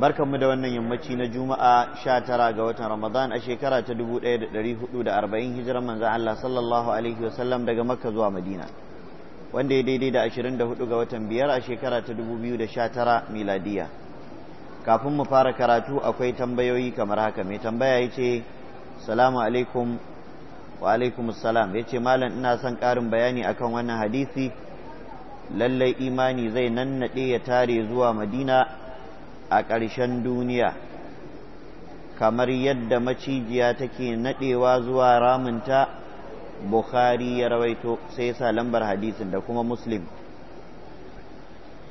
mu da wannan yammaci na juma'a sha tara ga watan ramadan a shekara ta dubu ɗaya da ɗari hudu da arba'in hijirar manzan allah sallallahu alaihi wasallam daga makka zuwa madina wanda ya daidai da ashirin da hudu ga watan biyar a shekara ta dubu biyu da sha tara miladiya kafin mu fara karatu akwai tambayoyi kamar haka mai tambaya ya ce salamu alaikum wa alaikum salam ya ce malam ina son ƙarin bayani akan wannan hadisi lallai imani zai nannaɗe ya tare zuwa madina a ƙarshen duniya kamar yadda macijiya take naɗewa zuwa ramunta bukhari ya rawaito sai sa lambar hadisin da kuma muslim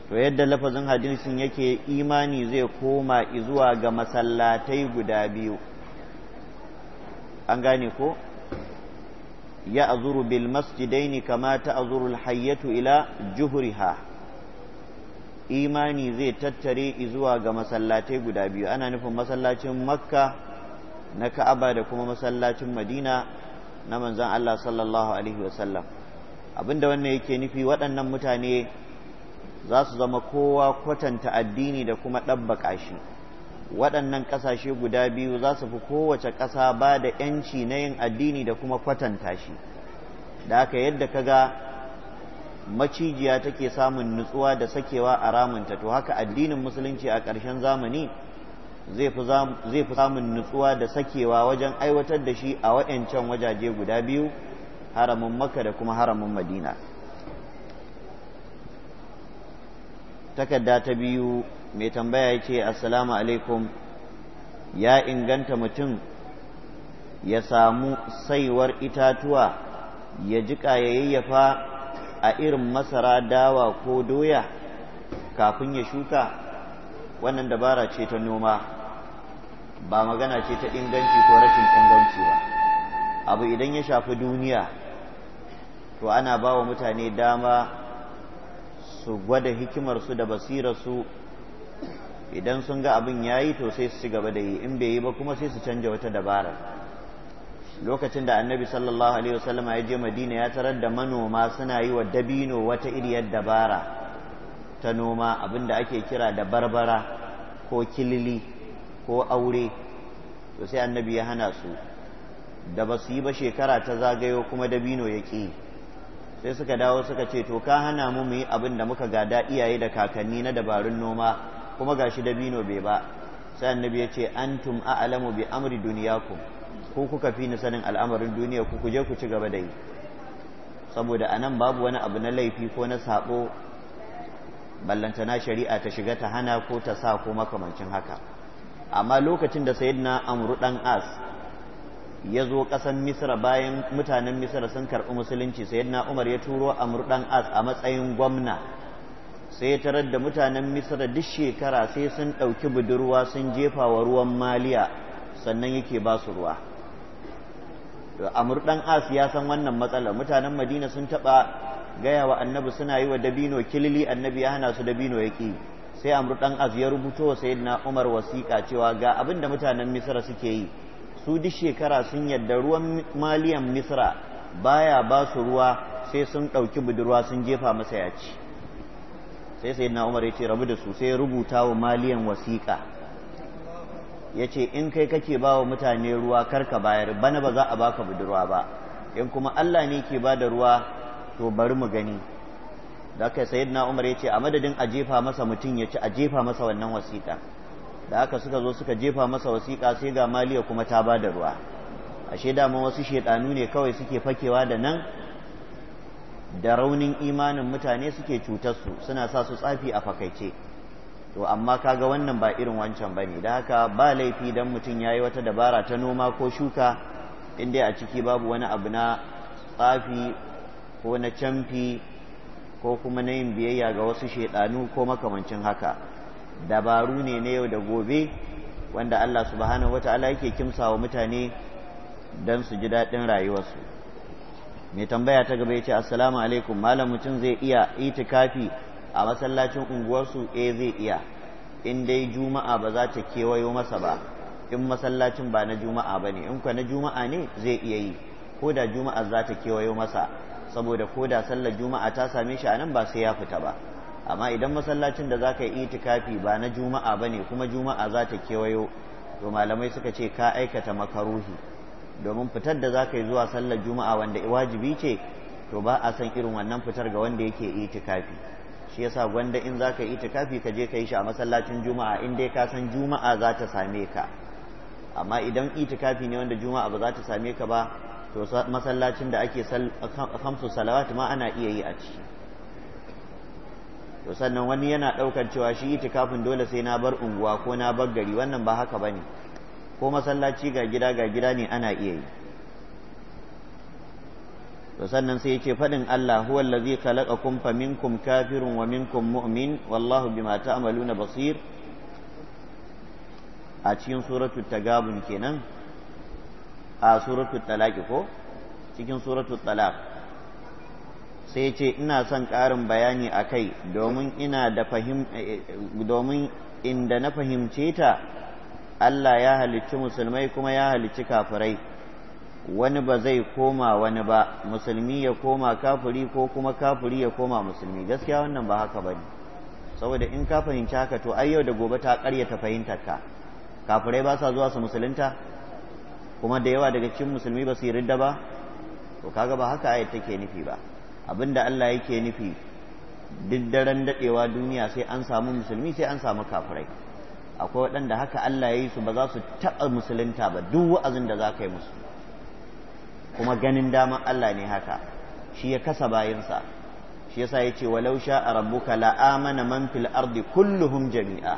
to yadda lafazin hadisin yake imani zai koma zuwa ga masallatai guda biyu an gane ko ya azuru bil masjidaini kama ta azuru hayyatu ila juhriha imani zai tattare zuwa ga masallatai guda biyu ana nufin masallacin makka na ka'aba da kuma masallacin madina na manzan allah sallallahu alaihi wasallam abinda wannan yake nufi waɗannan mutane za su zama kowa kwatanta addini da kuma ɗabbaƙa shi waɗannan ƙasashe guda biyu za su fi kowace ƙasa ba da ‘yanci na yin addini da kuma kwatanta shi da haka yadda ka ga macijiya take samun nutsuwa da sakewa a ramunta to haka addinin musulunci a ƙarshen zamani zai fi samun nutsuwa da sakewa wajen aiwatar da shi a waɗancan wajaje guda biyu haramin maka da kuma haramin madina takarda ta biyu mai tambaya ya ce assalamu alaikum ya inganta mutum ya samu saiwar itatuwa ya jiƙa ya yayyafa a irin masara dawa ko doya kafin ya shuka wannan dabara ce ta noma ba magana ce ta inganci ko rashin inganci ba abu idan ya shafi duniya to ana ba wa mutane dama su gwada hikimarsu da basirarsu idan sun ga abin ya yi to sai su ci gaba da yi in bai yi ba kuma sai su canja wata dabarar lokacin da annabi sallallahu alaihi wasallam ya je madina ya tarar da manoma suna yi wa dabino wata iriyar dabara ta noma abinda ake kira da barbara ko kilili ko aure to sai annabi ya hana su da ba su yi ba shekara ta zagayo kuma dabino ya ƙi sai suka dawo suka ce to ka hana mu mu yi abin da muka gada iyaye da kakanni na dabarun noma kuma gashi dabino bai ba sai annabi ya ce antum a'lamu bi amri duniyakum ko kuka fi ni sanin al'amarin duniya ku kuje ku ci gaba da yi saboda a nan babu wani abu na laifi ko na sabo ballantana shari'a ta shiga ta hana ko ta sa ko makamancin haka amma lokacin da sayyidina amru dan as ya zo ƙasan misra bayan mutanen misra sun karɓi musulunci sayyidina umar ya turo amru dan as a matsayin gwamna sai ya tarar da mutanen misra duk shekara sai sun ɗauki budurwa sun jefa wa ruwan maliya sannan yake ba su ruwa amur dan as ya san wannan matsala mutanen madina sun taba gaya wa annabi suna yi wa dabino kilili annabi ya hana su dabino ya ki sai amur dan as ya rubuto wa sayyidina umar wasiƙa cewa ga abin da mutanen misra suke yi su duk shekara sun yadda ruwan maliyan misra baya ba su ruwa sai sun ɗauki budurwa sun jefa masa yaci sai sayyidina umar ya ce rabu da su sai rubuta wa maliyan wasiƙa ya ce in kai kake ba wa mutane ruwa karka bayar bana ba za a baka budurwa ba in kuma Allah ne ke ba da ruwa to bari mu gani da aka sayid na umar ya ce a madadin a jefa masa mutum ya ci a jefa masa wannan wasiƙa da aka suka zo suka jefa masa wasiƙa sai ga maliya kuma ta ba da ruwa ashe dama wasu shaidanu ne kawai suke fakewa da nan da raunin imanin mutane suke cutar su suna sa su tsafi a fakaice to amma kaga wannan ba irin wancan ba ne da haka ba laifi don mutum ya yi wata dabara ta noma ko shuka inda a ciki babu wani abu na tsafi ko na camfi ko kuma na yin biyayya ga wasu shaidanu ko makamancin haka dabaru ne na yau da gobe wanda Allah subhanahu ala yake kimsa wa mutane don su ji daɗin rayuwarsu mai tambaya ta gaba ya ce assalamu alaikum malam mutum zai iya itikafi a masallacin unguwarsu eh zai iya in dai juma'a ba za ta kewayo masa ba in masallacin ba na juma'a ba ne in kwa na juma'a ne zai iya yi ko da juma'a za ta kewayo masa saboda ko da sallar juma'a ta same shi a nan ba sai ya fita ba amma idan masallacin da za ka yi itikafi ba na juma'a ba ne kuma juma'a za ta kewayo to malamai suka ce ka aikata makaruhi domin fitar da za ka yi zuwa sallar juma'a wanda wajibi ce to ba a san irin wannan fitar ga wanda yake itikafi shi yasa gwanda in zaka ka yi itikafi ka je ka yi shi a masallacin juma'a in dai ka san juma'a za ta same ka amma idan itikafi ne wanda juma'a ba za ta same ka ba to masallacin da ake kamsu salawat ma ana iya yi a ciki to sannan wani yana ɗaukar cewa shi itikafin dole sai na bar unguwa ko na bar gari wannan ba haka ba ne ko masallaci ga gida ga gida ne ana iya yi to sannan sai yace faɗin Allah huwa allazi khalaqakum faminkum kafirun wa minkum mu'min wallahu bima ta'maluna basir a cikin suratu tagabun kenan a suratu talaqi ko cikin suratu talaq sai yace ina son ƙarin bayani akai domin ina da fahim eh, domin inda na fahimce ta Allah ya halicci musulmai kuma ya halicci kafirai wani ba zai koma wani ba musulmi ya koma kafiri ko kuma kafiri ya koma musulmi gaskiya wannan ba haka bane saboda in ka fahimci haka to ai yau da gobe ta karya ta fahimtar ka kafirai ba sa zuwa su musulunta kuma da yawa daga cikin musulmi ba su yi ridda ba to kaga ba haka ayat take nufi ba abinda Allah yake nufi duk daren dadewa duniya sai an samu musulmi sai an samu kafurai akwai waɗanda haka Allah ya yi su ba za su taɓa musulunta ba duk wa'azin da za ka yi musu kuma ganin daman Allah ne haka shi ya kasa bayansa shi yasa yace walau sha'a rabbuka la amana man fil ardi kulluhum jami'a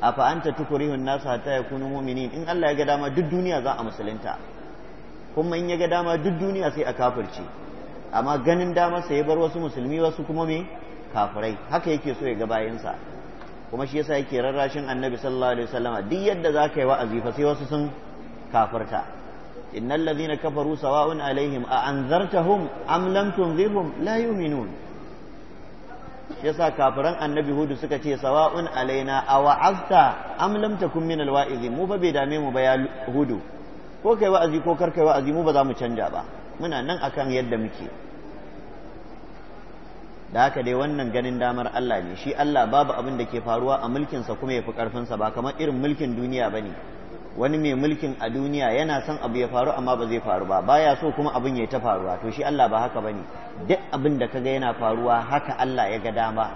afa anta tukrihun nasu hatta yakunu mu'minin in Allah ya ga dama duk duniya za a musulunta kuma in ya ga dama duk duniya sai a kafirce amma ganin dama sai ya bar wasu musulmi wasu kuma me kafirai haka yake so ya ga bayansa kuma shi yasa yake rarrashin annabi sallallahu alaihi wasallama duk yadda za ka yi wa'azi fa sai wasu sun kafirta innal ladhina kafaru sawa'un alaihim a anzartahum am lam tunzirhum la yu'minun yasa kafuran annabi hudu suka ce sawa'un alaina a wa'azta am lam takun min mu fa bai dame mu ba ya hudu ko kai wa'azi ko kar kai wa'azi mu ba za mu canja ba muna nan akan yadda muke da haka dai wannan ganin damar Allah ne shi Allah babu abin da ke faruwa a mulkinsa kuma ya fi ƙarfinsa ba kamar irin mulkin duniya ba ne wani mai mulkin a duniya yana son abu ya faru amma ba zai faru ba baya so kuma abin ya yi ta faruwa to shi Allah ba haka ba ne duk abin da kaga yana faruwa haka Allah ya ga dama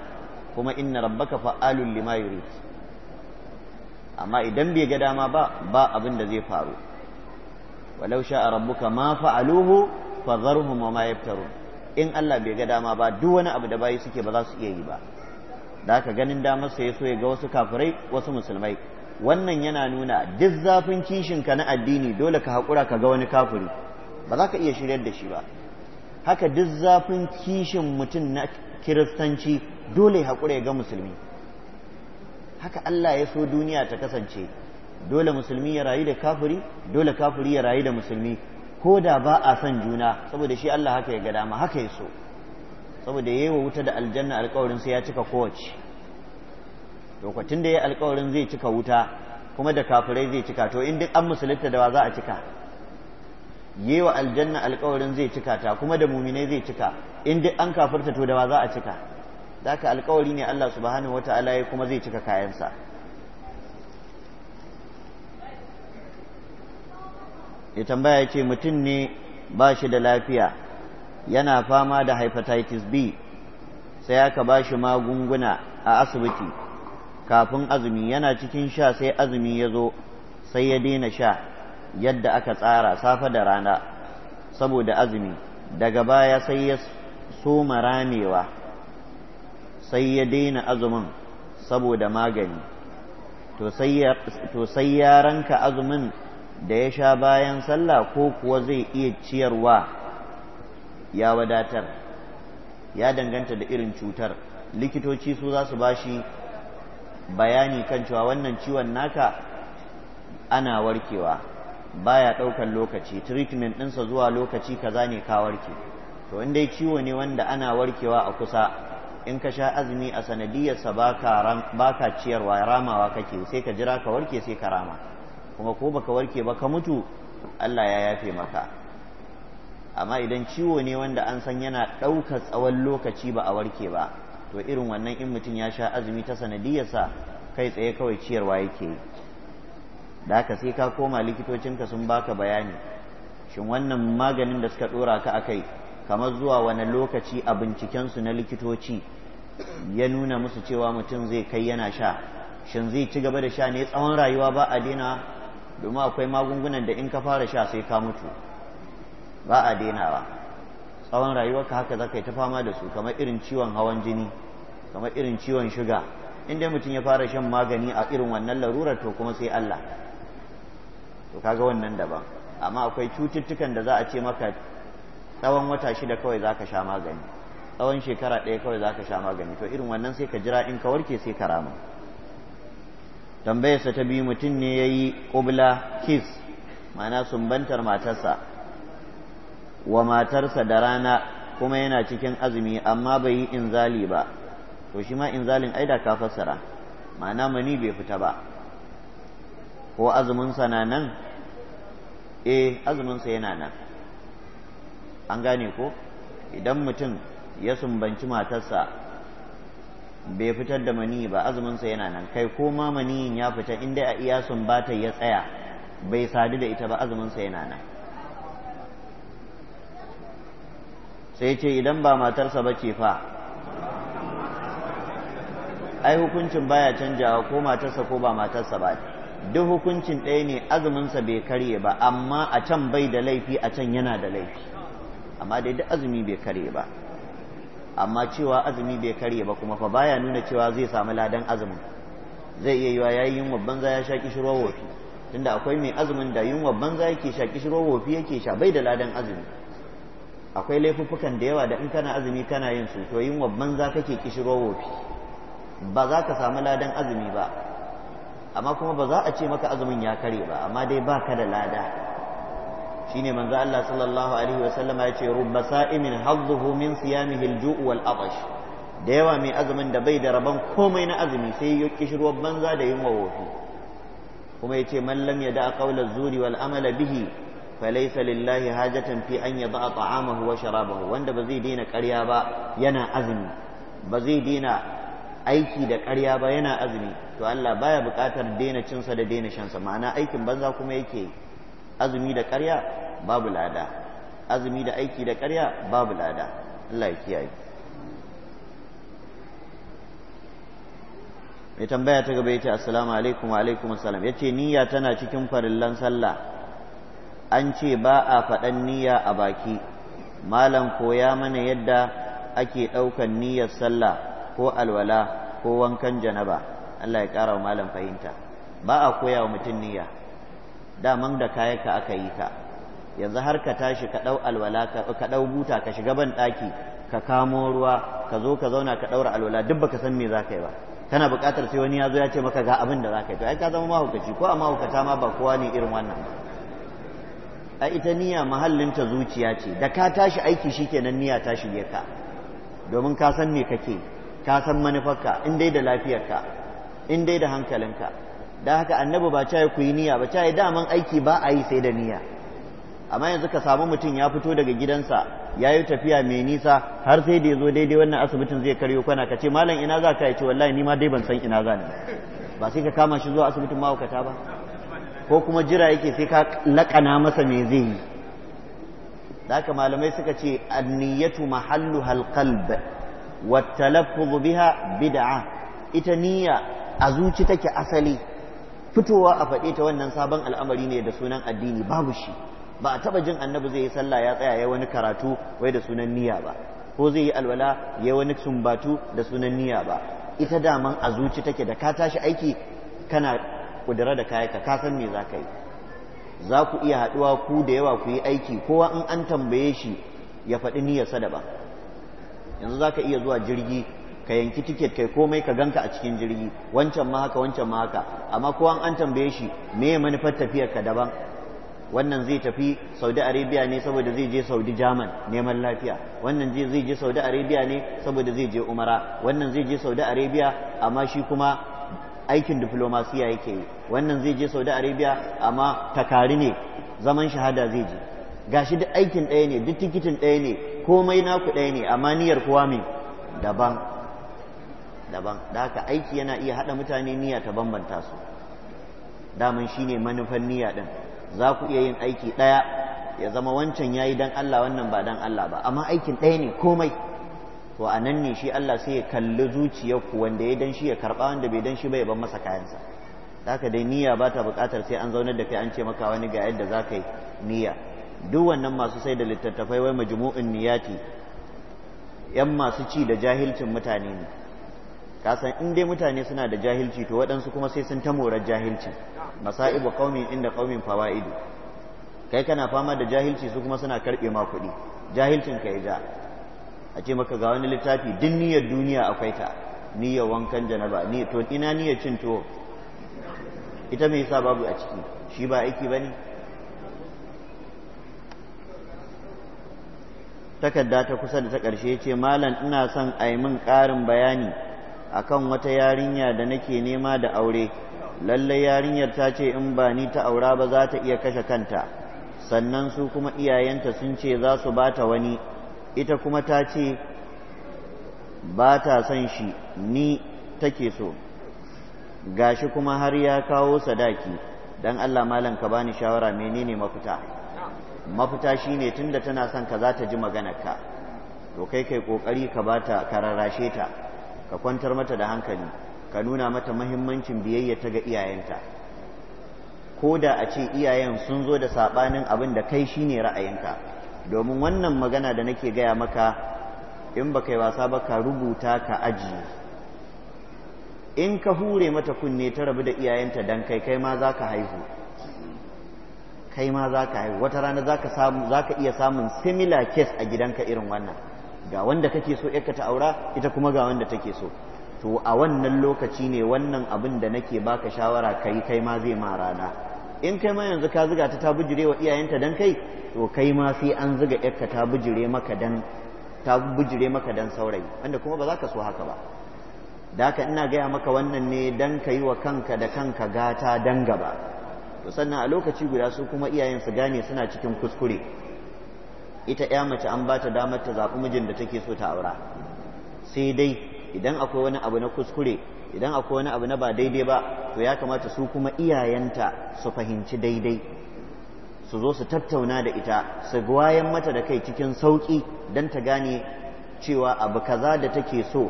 kuma inna rabbaka fa'alul lima yurid amma idan bai ga dama ba ba abin da zai faru walau sha rabbuka ma fa'aluhu fadharhum ma yaftarun in Allah bai ga dama ba duk wani abu da bayi suke ba za su iya yi ba da haka ganin damar sa ya so ya ga wasu kafirai wasu musulmai wannan yana nuna duk zafin kishin ka na addini dole ka haƙura ka ga wani kafiri ba za ka iya shiryar da shi ba haka duk zafin kishin mutum na kiristanci dole haƙura ya ga musulmi haka Allah ya so duniya ta kasance dole musulmi ya rayu da kafiri dole kafiri ya rayu da musulmi ko da ba a son juna saboda shi Allah haka ya ga dama haka ya so saboda yayi wa wuta da aljanna alƙawarin sai ya cika kowace lokacin da ya alkawarin zai cika wuta kuma da kafirai zai cika to in duk an musulunta da wa za a cika yi wa aljanna alkawarin zai cika ta kuma da muminai zai cika in duk an kafirta to da wa za a cika da ka alkawari ne Allah subhanahu wa ta'ala ya kuma zai cika kayansa ya tambaya ce mutum ne ba shi da lafiya yana fama da hepatitis B sai aka ba shi magunguna a asibiti kafin azumi yana cikin sha sai azumi ya zo sai ya daina sha yadda aka tsara safe da rana saboda azumi daga baya sai ya soma ramewa sai ya daina azumin saboda magani to sai ya ranka azumin da ya sha bayan sallah ko kuwa zai iya ciyarwa ya wadatar ya danganta da irin cutar likitoci su za su bashi bayani kan cewa wannan ciwon naka ana warkewa baya ɗaukan lokaci treatment ɗinsa zuwa lokaci kaza ne ka warke to in dai ciwo ne wanda ana warkewa a kusa in ka sha azumi a sanadiyarsa ba ka ciyarwa ramawa kake sai ka jira ka warke sai ka rama kuma ko baka warke ba ka mutu Allah ya yafe maka amma idan ciwo ne wanda an san yana ɗaukar tsawon lokaci ba a warke ba to irin wannan in mutum ya sha azumi ta sanadiyarsa kai tsaye kawai ciyarwa yake yi da haka sai ka koma likitocinka sun baka bayani shin wannan maganin da suka dora ka a kai kamar zuwa wani lokaci a bincikensu na likitoci ya nuna musu cewa mutum zai kai yana sha shin zai ci gaba da sha ne tsawon rayuwa ba a daina domin akwai magungunan da in ka fara sha sai ka mutu ba a dainawa tsawon rayuwarka haka za ka yi ta fama da su kamar irin ciwon hawan jini kamar irin ciwon shuga inda mutum ya fara shan magani a irin wannan larurar to kuma sai Allah to kaga wannan daban amma akwai cututtukan da za a ce maka tsawon wata shida kawai za ka sha magani tsawon shekara ɗaya kawai za ka sha magani to irin wannan sai ka jira in ka warke sai ka rama tambayarsa ta biyu mutum ne ya yi ƙubla kiss ma'ana sumbantar matarsa wa matarsa da rana kuma yana cikin azumi amma bai yi inzali ba to shi ma inzalin aida ka fassara ma'ana mani bai fita ba ko azuminsa na nan eh azuminsa yana nan an gane ko idan mutum ya sumbanci matarsa bai fitar da mani ba azuminsa yana nan kai ko ma maniyin ya fita inda a iya sumbata ya tsaya bai sadu da ita ba azuminsa yana nan sai ce idan ba matarsa ba ke fa ai hukuncin baya canjawa ko matarsa ko ba matarsa ba duk hukuncin ɗaya ne azuminsa bai karye ba amma a can bai da laifi a can yana da laifi amma dai duk azumi bai karye ba amma cewa azumi bai karye ba kuma fa baya nuna cewa zai samu ladan azumin zai iya yiwa yayi yunwa banza ya sha kishirwa wofi tunda akwai mai azumin da yunwa banza yake sha kishirwa wofi yake sha bai da ladan azumi akwai laifuffukan da yawa da in kana azumi kana yin su to yin wabban za kake kishiro wofi ba za ka samu ladan azumi ba amma kuma ba za a ce maka azumin ya kare ba amma dai ba ka da lada shine manzo Allah sallallahu alaihi wa sallama ya ce rubba sa'imin hadduhu min siyamihi al-ju' wal atash da yawa mai azumin da bai da rabon komai na azumi sai ya kishiro banza da yin wofi kuma yace man lam yada qawla zuri wal amala bihi falaisa lillahi hajatan fi an yada ta'amahu wa sharabahu wanda ba zai daina ƙarya ba yana azumi ba zai daina aiki da ƙarya ba yana azumi to Allah baya buƙatar daina cinsa da daina shansa ma'ana aikin banza kuma yake azumi da ƙarya babu lada azumi da aiki da ƙarya babu lada Allah ya kiyaye mai tambaya ta gaba yace assalamu alaikum wa alaikum assalam yace niyya tana cikin farillan sallah an ce ba a faɗan niyya a baki malam koya mana yadda ake ɗaukan niyyar sallah ko alwala ko wankan janaba Allah ya ƙara wa malam fahimta ba a koya wa mutum niyya daman da ka aka yi ka yanzu har ka tashi ka ɗau alwala ka ɗau buta ka shiga ban ɗaki ka kamo ruwa ka zo ka zauna ka ɗaura alwala duk baka san me za ka yi ba kana buƙatar sai wani ya zo ya ce maka ga abin da za ka yi to ai ka zama mahaukaci ko a mahaukata ma ba kowa ne irin wannan a ita niyya mahallinta zuciya ce da ka tashi aiki shikenan niyya ta shige ka domin ka san me kake ka san manufarka in dai da lafiyarka in dai da hankalinka da haka annabi ba ca ku yi niyya ba ca daman aiki ba a yi sai da niyya amma yanzu ka samu mutum ya fito daga gidansa ya yi tafiya mai nisa har sai da ya zo daidai wannan asibitin zai karyo kwana ka ce malam ina za ka yi ce wallahi ni ma dai ban san ina za ni ba sai ka kama shi zuwa asibitin mahaukata ba ko kuma jira yake sai ka laƙana masa me zai yi da haka malamai suka ce anniyatu mahallu halqalb wa talaffuz biha bid'a ita niyya a zuci take asali fitowa a faɗe ta wannan sabon al'amari ne da sunan addini babu shi ba a taɓa jin annabi zai yi sallah ya tsaya ya wani karatu wai da sunan niyya ba ko zai yi alwala ya wani sumbatu da sunan niyya ba ita daman a zuci take da ka tashi aiki kana kudura da kayaka ka san me za ka yi za ku iya haɗuwa ku da yawa ku yi aiki kowa in an tambaye shi ya faɗi niyyarsa daban yanzu za ka iya zuwa jirgi ka yanki tiket kai komai ka ganka a cikin jirgi wancan ma haka wancan ma haka amma kowa an tambaye shi me ya manufar tafiyar ka daban wannan zai tafi saudi arabia ne saboda zai je saudi jaman neman lafiya wannan zai je saudi arabia ne saboda zai je umara wannan zai je saudi arabia amma shi kuma aikin diflomasiya yake yi wannan zai je saudi arabia amma takari ne zaman shahada zai je gashi duk aikin ɗaya ne duk tikitin ɗaya ne komai naku ɗaya ne amma niyyar kowa me daban daban da haka aiki yana iya haɗa mutane niyya ta bambanta su daman shine manufan niyya ɗin za ku iya yin aiki ɗaya ya zama wancan ya yi dan Allah wannan ba dan Allah ba amma aikin ɗaya ne komai to a nan ne shi Allah sai ya kalli zuciyarku wanda ya dan shi ya karɓa wanda bai dan shi ba ya ban masa kayansa haka dai niyya ba ta buƙatar sai an zaunar da kai an ce maka wani ga yadda za ka yi niyya duk wannan masu sai da littattafai wai majmu'in niyati yan masu ci da jahilcin mutane ne ka san in dai mutane suna da jahilci to waɗansu kuma sai sun ta jahilci masa'ibu qaumin inda qaumin fawaidu kai kana fama da jahilci su kuma suna karɓe ma kuɗi jahilcin ka ya ja a ce maka ga wani littafi duk niyyar duniya akwai ta niyyar wankan janaba ni to ina niyyar cin tuwo ita mai yasa babu a ciki shi ba aiki ba ne? takarda ta kusa da ta ƙarshe ce malam ina son a yi min ƙarin bayani akan wata yarinya da nake nema da aure lallai yarinyar ta ce in ba ni ta aura ba za ta iya kashe kanta sannan su kuma iyayenta sun ce za su ba ta wani ita kuma ta ce ba ta son shi ni take so gashi kuma har ya kawo sadaki dan Allah malam ka bani shawara menene mafita mafita shine tunda tana son ka za ta ji maganarka to kai kai kokari ka bata ka rarrashe ta ka kwantar mata da hankali ka nuna mata mahimmancin biyayya ta ga iyayenta ko da a ce iyayen sun zo da sabanin abin da kai shine ra'ayinka domin wannan magana da nake gaya maka in baka yi wasa ba ka rubuta ka ajiye in ka hure mata kunne ta rabu da iyayenta dan kai kai ma za ka haihu kai ma za ka haihu wata rana za ka iya samun similar case a gidanka irin wannan ga wanda kake so yarka ta aura ita kuma ga wanda take so to a wannan lokaci ne wannan abin da nake baka shawara kai kai ma zai ma rana in kai ma yanzu ka ziga ta ta bijire wa iyayenta dan kai to kai ma sai an zuga yarka ta bijire maka dan ta saurayi wanda kuma ba za ka so haka ba da haka ina gaya maka wannan ne don ka yi wa kanka da kanka gata dan gaba to sannan a lokaci guda su kuma iyayen su gane suna cikin kuskure ita ya mace an bata damar ta zaɓi mijin da take so ta aura sai dai idan akwai wani abu na kuskure idan akwai wani abu na ba daidai ba to ya kamata su kuma iyayenta su fahimci daidai su zo su tattauna da ita su wayan mata da kai cikin sauƙi don ta gane cewa abu kaza da take so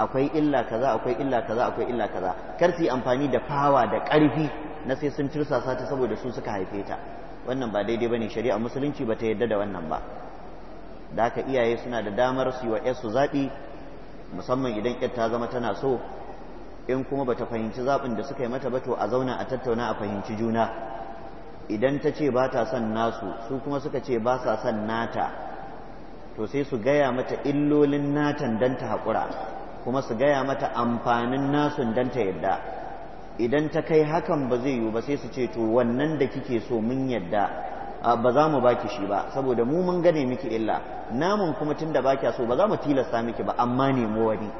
akwai illa kaza akwai illa kaza akwai illa kaza kar su yi amfani da fawa da ƙarfi na sai sun tirsasa ta saboda su suka haife ta wannan ba daidai bane shari'a musulunci ba ta yarda da wannan ba da haka iyaye suna da damar su yi wa su zaɓi musamman idan ƴar ta zama tana so in kuma bata fahimci zaɓin da suka yi mata ba to a zauna a tattauna a fahimci juna idan ta ce ba ta son nasu su kuma suka ce ba sa son nata to sai su gaya mata illolin natan don ta haƙura kuma su gaya mata amfanin nasu don ta yadda idan ta kai hakan ba zai yiwu ba sai su ce to wannan da kike so mun yadda ba za mu baki shi ba saboda mu mun gane miki illa namun kuma tun da baki so ba za mu tilasta miki ba amma ne mu wani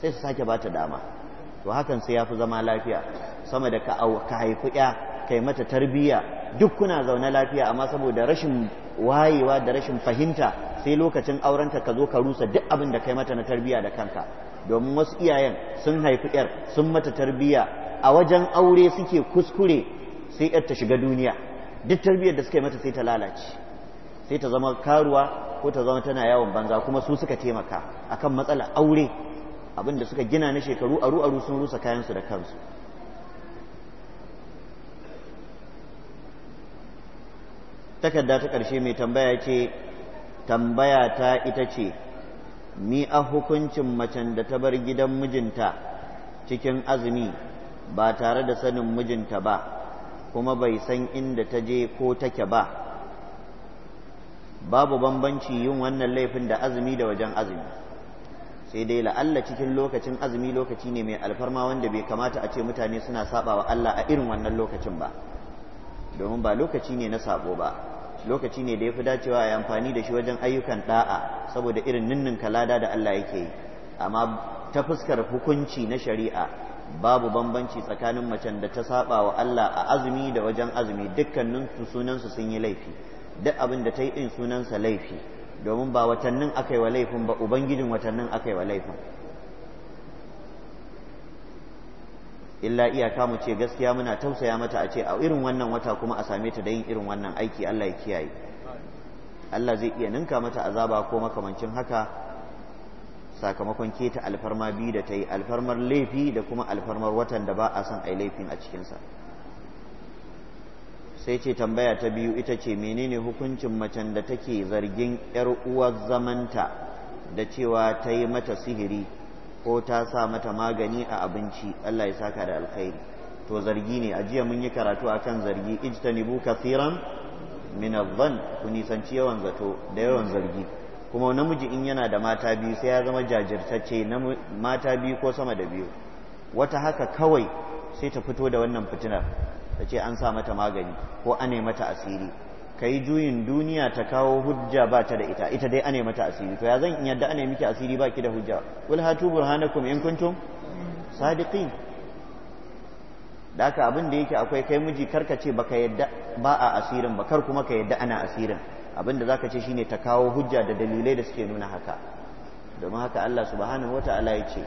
sai su sake bata dama to hakan sai ya fi zama lafiya sama da ka haifi ya kai mata tarbiyya duk kuna zaune lafiya amma saboda rashin wayewa da rashin fahimta sai lokacin ta ka zo ka rusa duk abin da kai mata na tarbiyya da kanka domin wasu iyayen sun haifi yar sun mata tarbiyya a wajen aure suke kuskure sai yar ta shiga duniya duk tarbiyyar da suka yi mata sai ta lalace sai ta zama karuwa ko ta zama tana yawon banza kuma su suka taimaka akan matsala aure abin da suka gina na shekaru aru aru sun rusa kayansu da kansu takarda ta ƙarshe mai tambaya ce tambaya ta ita ce Ni a hukuncin macen da ta bar gidan mijinta cikin azumi ba tare da sanin mijinta ba kuma bai san inda ta je ko take ba babu bambanci yin wannan laifin da azumi da wajen azumi sai dai la'alla cikin lokacin azumi lokaci ne mai alfarma wanda bai kamata a ce mutane suna saba Allah a irin wannan lokacin ba domin ba lokaci ne na sabo ba lokaci ne da ya fi dacewa a yi amfani da shi wajen ayyukan ɗa'a saboda irin ninnin kalada da Allah yake yi amma ta fuskar hukunci na shari'a babu bambanci tsakanin macen da ta saba wa Allah a azumi da wajen azumi dukkanin su sunansu sun yi laifi duk abin da ta yi ɗin sunansa laifi domin ba watannin aka yi wa laifin ba ubangijin watannin aka yi wa laifin illa iyaka mu ce gaskiya muna tausaya mata a ce a irin wannan wata kuma a same ta da yin irin wannan aiki Allah ya kiyaye Allah zai iya ninka mata azaba ko makamancin haka sakamakon keta alfarma biyu da ta yi alfarmar laifi da kuma alfarmar watan da ba a son a yi laifin a cikinsa sai ce tambaya ta biyu ita ce menene hukuncin macen da take zargin 'yar uwar zamanta da cewa ta yi mata sihiri ko ta sa mata magani a abinci Allah ya saka da alkhairi to zargi ne a jiya mun yi karatu akan zargi ijtanibu kathiran min adh-dhann ku nisanci yawan zato da yawan zargi kuma namiji in yana da mata biyu sai ya zama jajirtacce mata biyu ko sama da biyu wata haka kawai sai ta fito da wannan fitinar ta ce an sa mata magani ko ane mata asiri ka yi juyin duniya ta kawo hujja ba ta da ita ita dai ane mata asiri to ya zan in yadda ane miki asiri ba ki da hujja wal hatu burhanakum in kuntum sadiqin da haka abin da yake akwai kai miji karka ce baka yadda ba a asirin ba kar kuma ka yadda ana asirin abin da zaka ce shine ta kawo hujja da dalilai da suke nuna haka domin haka Allah subhanahu wataala ya ce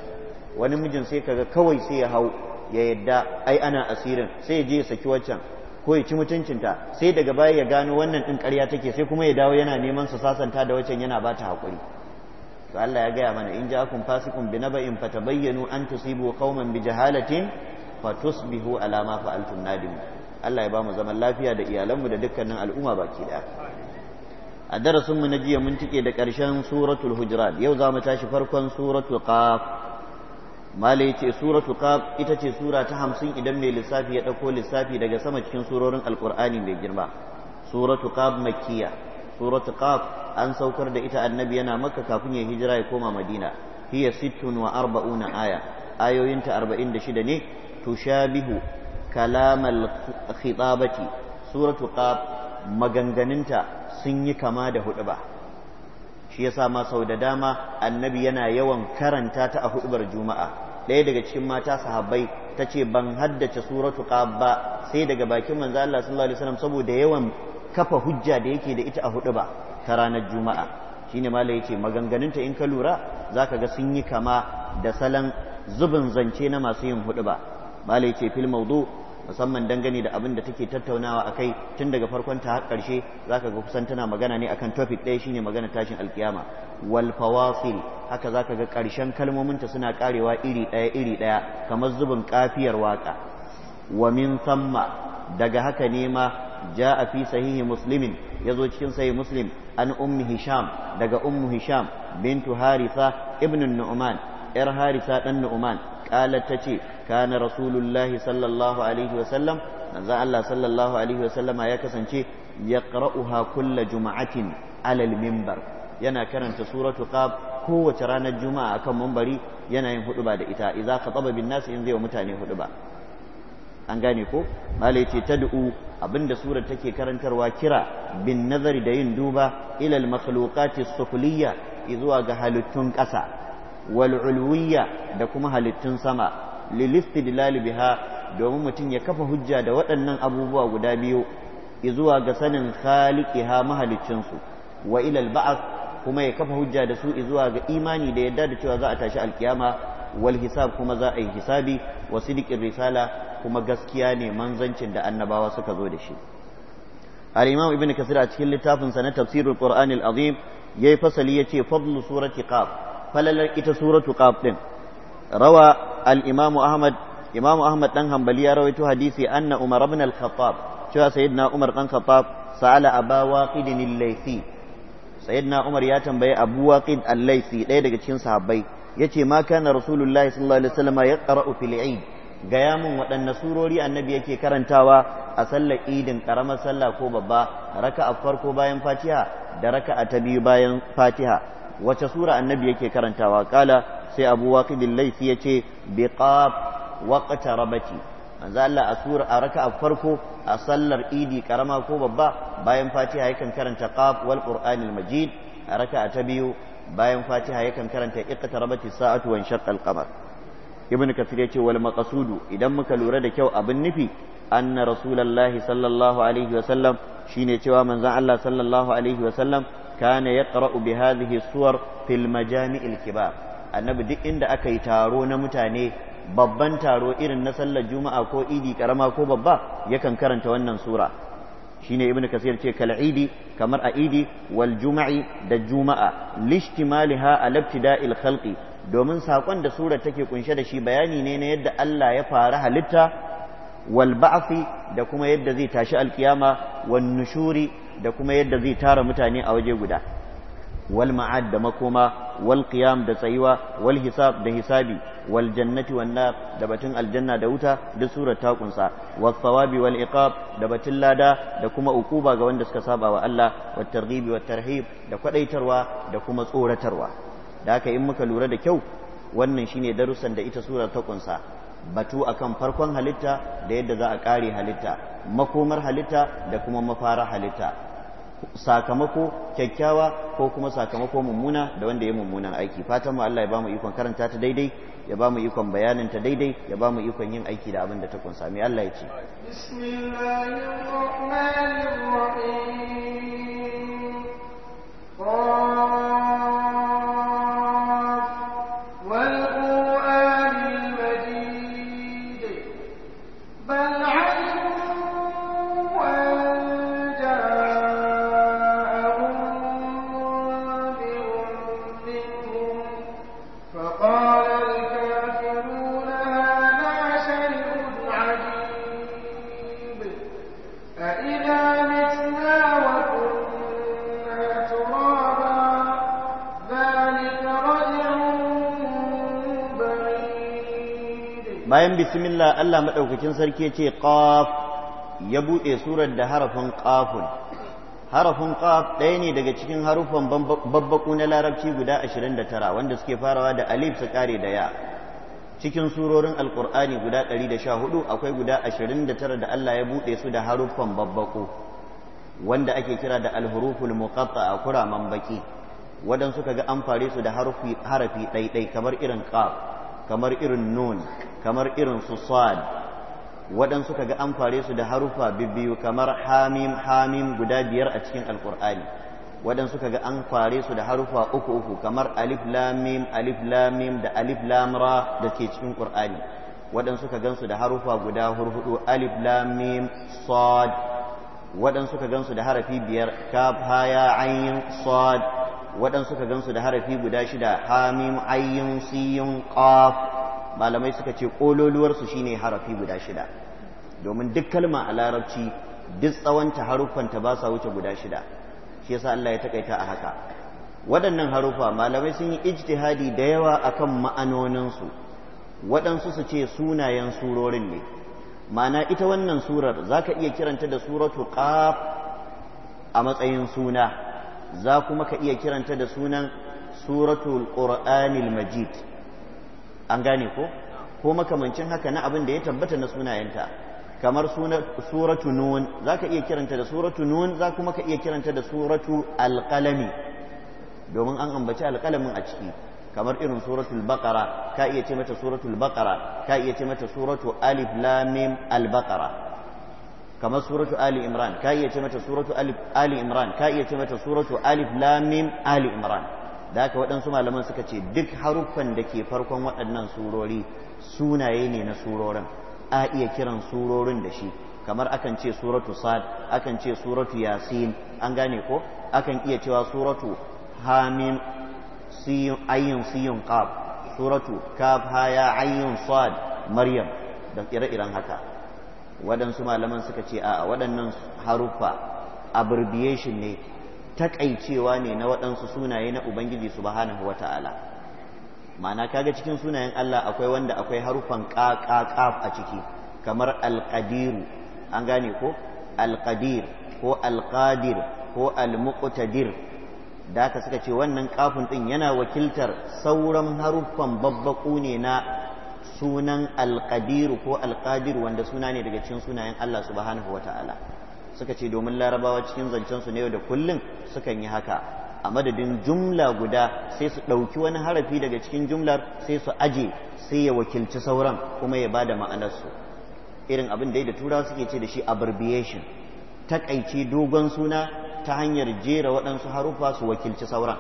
wani mijin sai kaga kawai sai ya hau ya yadda ai ana asirin sai ya je ya saki waccan ko ya ci mutuncinta sai daga baya ya gano wannan ɗin ƙarya take sai kuma ya dawo yana neman su sasanta da wacan yana bata hakuri to Allah ya gaya mana in ja'akum fasiqun fata fatabayyanu an tusibu qauman bijahalatin fatusbihu ala ma fa'altum nadim Allah ya ba mu zaman lafiya da iyalanmu da dukkanin al'umma baki daya a darasin mu na jiya mun tike da ƙarshen suratul hujurat yau za mu tashi farkon suratul qaf ya ce suratu qaf ita ce sura ta hamsin idan mai lissafi ya ɗauko lissafi daga sama cikin surorin Alƙur'ani mai girma suratu qaf makiya suratu qaf an saukar da ita annabi yana makka kafin ya hijira ya koma madina hiya sittun wa arba'una aya ayoyinta arba'in da shida ne tushabihu kalamal khitabati suratu qaf maganganunta sun yi kama da hudu ba shi yasa ma sau da dama annabi yana yawan karanta ta a hudubar juma'a ɗaya daga cikin mata sahabbai ta ce ban haddace suratu qab ba sai daga bakin manzo Allah sallallahu alaihi wasallam saboda yawan kafa hujja da yake da ita a huduba ta ranar juma'a shine malai yace maganganunta in ka lura zaka ga sun yi kama da salan zubin zance na masu yin huduba malai yace fil mawdu musamman dangane da abin da take tattaunawa akai tun daga farkon ta har karshe zaka ga kusan tana magana ne akan topic ɗaya shine magana tashin alkiyama wal fawasil haka zaka ga karshen kalmomin ta suna karewa iri ɗaya iri ɗaya kamar zubin kafiyar waka wa min thamma daga haka ne ma ja'a fi sahihi muslimin yazo cikin sahihi muslim an ummi hisham daga ummu hisham bintu haritha ibn nu'man yar harisa dan nu'man ta ce. kana rasulullahi sallallahu alaihi wasallam manzon Allah sallallahu alaihi wasallama ya kasance yaqra'uha kulla juma'atin alal mimbar yana karanta suratu qaf kowace ranar juma'a akan mambari yana yin huduba da ita idza khataba bin nas in zai wa mutane huduba an gane ko malai ce duu abinda sura take karantarwa kira bin nazari da yin duba ilal al makhluqati sufliyya zuwa ga halittun ƙasa wal da kuma halittun sama lalibi ha domin mutum ya kafa hujja da waɗannan abubuwa guda biyu zuwa ga sanin khaliqiha mahaliccinsu wa ilal ba'a kuma ya kafa hujja da su izuwa ga imani da yadda da cewa za a tashi alkiyama wal hisab kuma za a yi hisabi wa sidiqir risala kuma gaskiya ne manzancin da annabawa suka zo da shi al-imam ibnu kasir a cikin littafin sa na tafsirul qur'anil azim yayi fasali yace fadlu surati qaf falalar ita suratu qaf din روى الإمام أحمد إمام أحمد بن حنبل رويت حديثي أن عمر بن الخطاب شو سيدنا عمر بن الخطاب سأل أبا واقد الليثي سيدنا عمر ياتم بي أبو واقد الليثي لا يدك تشين صحابي يتي ما كان رسول الله صلى الله عليه وسلم يقرأ في العيد قيام وأن waɗanne surori annabi yake karantawa a sallar idin ƙaramar sallah ko babba با a farko bayan fatiha da raka a ta biyu bayan fatiha wace sura annabi yake sai abu waqidil laifi yace bi qaf rabati manzo Allah a sura a raka'a farko a sallar idi karama ko babba bayan fatiha yakan karanta qaf wal qur'anil majid a raka'a ta biyu bayan fatiha yakan karanta rabati sa'atu wa inshaqqal qamar ibn kathir ce wal maqsudu idan muka lura da kyau abin nufi anna rasulullahi sallallahu alaihi wa sallam shine cewa manzo Allah sallallahu alaihi wa sallam kana yaqra'u bi hadhihi suwar fil majami'il kibar annabi duk inda aka yi taro na mutane babban taro irin na sallar juma'a ko idi karama ko babba yakan karanta wannan sura shine ibnu kasir ce kal idi kamar a idi wal juma'i da juma'a lishtimaliha ala ibtida'il khalqi domin sakon da sura take kunshe da shi bayani ne na yadda Allah ya fara halitta wal ba'thi da kuma yadda zai tashi alkiyama wan nushuri da kuma yadda zai tara mutane a waje guda wal ma'ad da makoma wal qiyam da tsayuwa wal hisab da hisabi waljannati jannati da batun aljanna da wuta duk surata ta kunsa was sawabi da batun lada da kuma ukuba ga wanda suka saba wa Allah wat targhibi wat tarhib da kwadaitarwa da kuma tsoratarwa da haka in muka lura da kyau wannan shine darussan da ita surata ta kunsa batu akan farkon halitta da yadda za a ƙare halitta makomar halitta da kuma mafara halitta sakamako kyakkyawa ko kuma sakamako mummuna da wanda ya mummunan aiki fatan mu Allah ya bamu ikon karanta ta daidai ya bamu ikon bayanin ta daidai ya bamu ikon yin aiki da abin da ta kunsa mai Allah ya ce bismillahirrahmanirrahim bayan bismillah Allah madaukakin sarki yace qaf ya buɗe surar da harafin qafun harafin qaf ɗaya ne daga cikin harufan babbaku na larabci guda 29 wanda suke farawa da alif su kare da ya cikin surorin alkur'ani guda 114 akwai guda 29 da Allah ya buɗe su da haruffan babbaku wanda ake kira da alhuruful muqatta a kuraman baki wadan suka ga an fare su da harafi ɗaiɗai kamar irin qaf kamar irin nun kamar irin su sad waɗansu kaga an fare su da harufa bibbiyu kamar hamim hamim guda biyar a cikin alkur'ani waɗansu kaga an fare su da harufa uku uku kamar alif lamim alif lamim da alif lamra da ke cikin qur'ani waɗansu ka gansu da harufa guda hurhudu alif lamim sad waɗansu ka gansu da harafi biyar kaf haya ayin sad waɗansu ka gansu da harafi guda shida hamim ayin siyin qaf malamai suka ce kololuwarsu shine harafi guda shida domin duk kalma a larabci duk tsawonta haruffanta ba sa wuce guda shida shi yasa Allah ya takaita a haka waɗannan harufa malamai sun yi ijtihadi da yawa akan ma'anoninsu waɗansu su ce sunayen surorin ne ma'ana ita wannan surar za ka iya kiranta da suratu qaf a matsayin suna za kuma ka iya kiranta da sunan suratul qur'anil majid an gane ko ko makamancin haka na abin da ya tabbata na sunayenta kamar suratu nun za ka iya kiranta da suratu nun za kuma ka iya kiranta da suratu alƙalami domin an ambaci alƙalamin a ciki kamar irin suratu baqara ka iya ce mata suratu baqara ka iya ce mata suratu alif lamim al baqara kamar suratu ali imran ka iya ce mata suratu alif ali imran ka iya ce mata suratu alif ali imran da aka waɗansu malaman suka ce duk haruffan da ke farkon waɗannan surori sunaye ne na surorin a iya kiran surorin da shi kamar akan ce suratu sad akan ce suratu yasin an gane ko akan iya cewa suratu Hamin siyun ayin siyun Kaf suratu kaf haya ayin sad maryam da ire-iren haka waɗansu malaman suka ce a waɗannan haruffa abbreviation ne takaicewa ne na waɗansu sunaye na ubangiji subhanahu ta’ala, ma'ana kaga cikin sunayen Allah akwai wanda akwai harufan ƙaƙaƙaf a ciki kamar alƙadiru an gane ko alƙadir ko alƙadir ko almuƙutadir, da aka suka ce wannan ƙafin ɗin yana wakiltar sauran harufan babbaƙu ne na sunan alƙadiru ko alƙadir wanda suna ne daga cikin sunayen Allah subhanahu ta’ala. suka ce domin larabawa cikin zancensu na yau da kullum sukan yi haka a madadin jumla guda sai su ɗauki wani harafi daga cikin jumlar sai su aje sai ya wakilci sauran kuma ya bada ma'anarsu irin abin da da turawa suke ce da shi abbreviation takaici dogon suna ta hanyar jera waɗansu harufa su wakilci sauran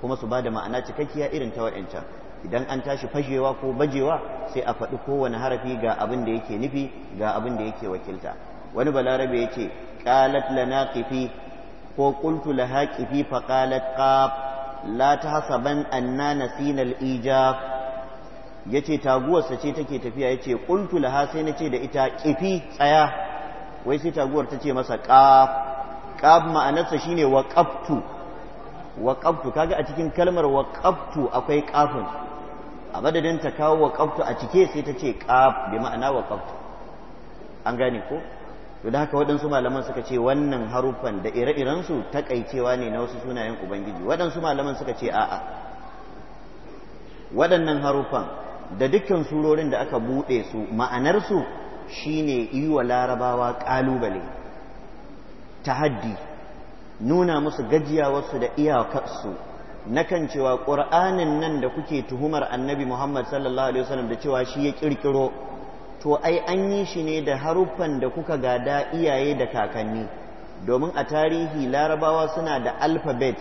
kuma su bada ma'ana cikakkiya irin ta waɗancan idan an tashi fashewa ko bajewa sai a faɗi kowane harafi ga abin da yake nufi ga abin da yake wakilta wani balarabe ya ce قالت لنا قفي وقلت لها قفي فقالت قاب لا تحسبن أننا نسينا الإيجاب yace taguwarsa ce take tafiya yace qultu laha sai nace da ita kifi tsaya wai sai taguwar ta ce masa qaf qaf ma'anarsa shine waqaftu waqaftu kaga a cikin kalmar waqaftu akwai qafin a madadin ta kawo waqaftu a cike sai ta ce qaf bi ma'ana waqaftu an gane ko to da haka waɗansu malaman suka ce wannan haruffan da ire-irensu takaicewa ne na wasu sunayen ubangiji waɗansu malaman suka ce a'a waɗannan haruffan da dukkan surorin da aka buɗe su ma'anarsu shine yi wa larabawa ƙalubale Ta haddi nuna musu gajiya wasu da iyakarsu na kan cewa ƙur'anin nan da kuke tuhumar annabi muhammad sallallahu alaihi wasallam da cewa shi ya ƙirƙiro to ai an yi shi ne da haruffan da kuka gada iyaye da kakanni domin a tarihi larabawa suna da alfabet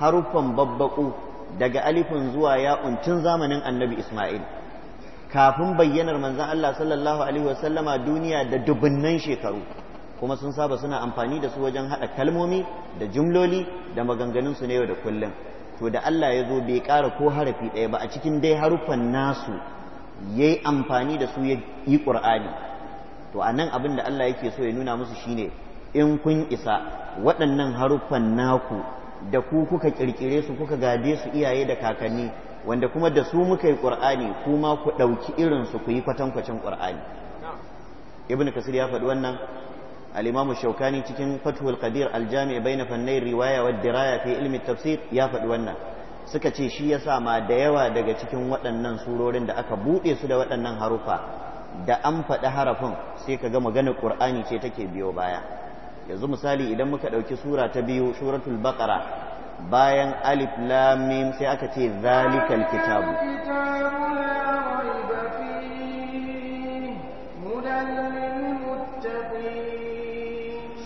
haruffan babbaku daga alifin zuwa ya'un tun zamanin annabi isma'il kafin bayyanar manzan Allah sallallahu alaihi wasallama duniya da dubunnan shekaru kuma sun saba suna amfani da su wajen haɗa kalmomi da jumloli da maganganunsu na yau da kullum to da Allah ya zo bai ƙara ko harafi ɗaya ba a cikin dai haruffan nasu ya yi amfani da su ya yi ƙur'ani to a nan abin da Allah yake so ya nuna musu shine in kun isa waɗannan haruffan naku da ku kuka ƙirƙire su kuka gade su iyaye da kakanni wanda kuma da su muka yi ƙur'ani kuma ku ɗauki irinsu ku yi kwatankwacin ƙur'ani ibn kasir ya faɗi wannan al-imamu shaukani cikin fathul qadir al-jami' bayna fannai riwaya wa diraya fi ilmi tafsir ya faɗi wannan suka ce shi ya sama da yawa daga cikin waɗannan surorin da aka buɗe su da waɗannan harufa da an faɗi harafin sai ka ga magana ƙur'ani ce take biyo baya yanzu misali idan muka ɗauki sura ta biyu suratul baƙara bayan alif lam sai aka ce zalikal kitabu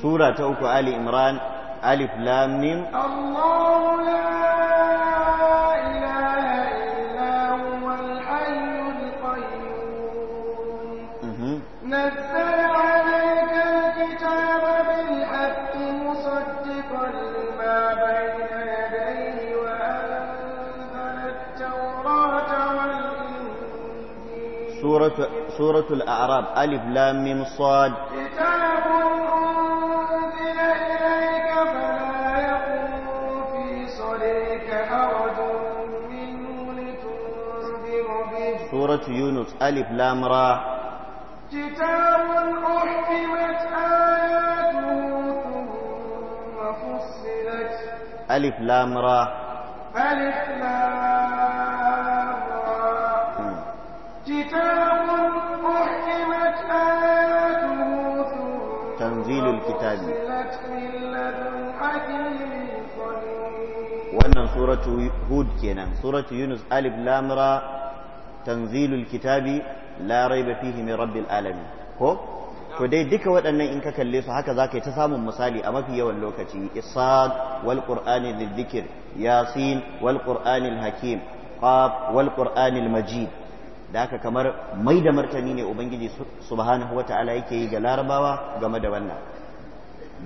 sura ta uku ali imran alif lam سورة, الأعراب ألف لام ميم صاد كتاب أنزل إليك فلا يقوم في صدرك حرج منه لتنذر به سورة يونس ألف لام را كتاب أحكمت آياته ثم فصلت ألف لام را ألف تنزيل الكتاب وأن سورة هود كنا سورة يونس ألب لامرا تنزيل الكتاب لا ريب فيه من رب العالمين هو نعم. فدي ديك وأن إنك كالليس هكذا كي تسام مسالي أما في يوم إصاد والقرآن للذكر ياسين والقرآن الحكيم قاب والقرآن المجيد da haka kamar mai da martani ne ubangiji subhanahu wata'ala yake yi ga larabawa game da wannan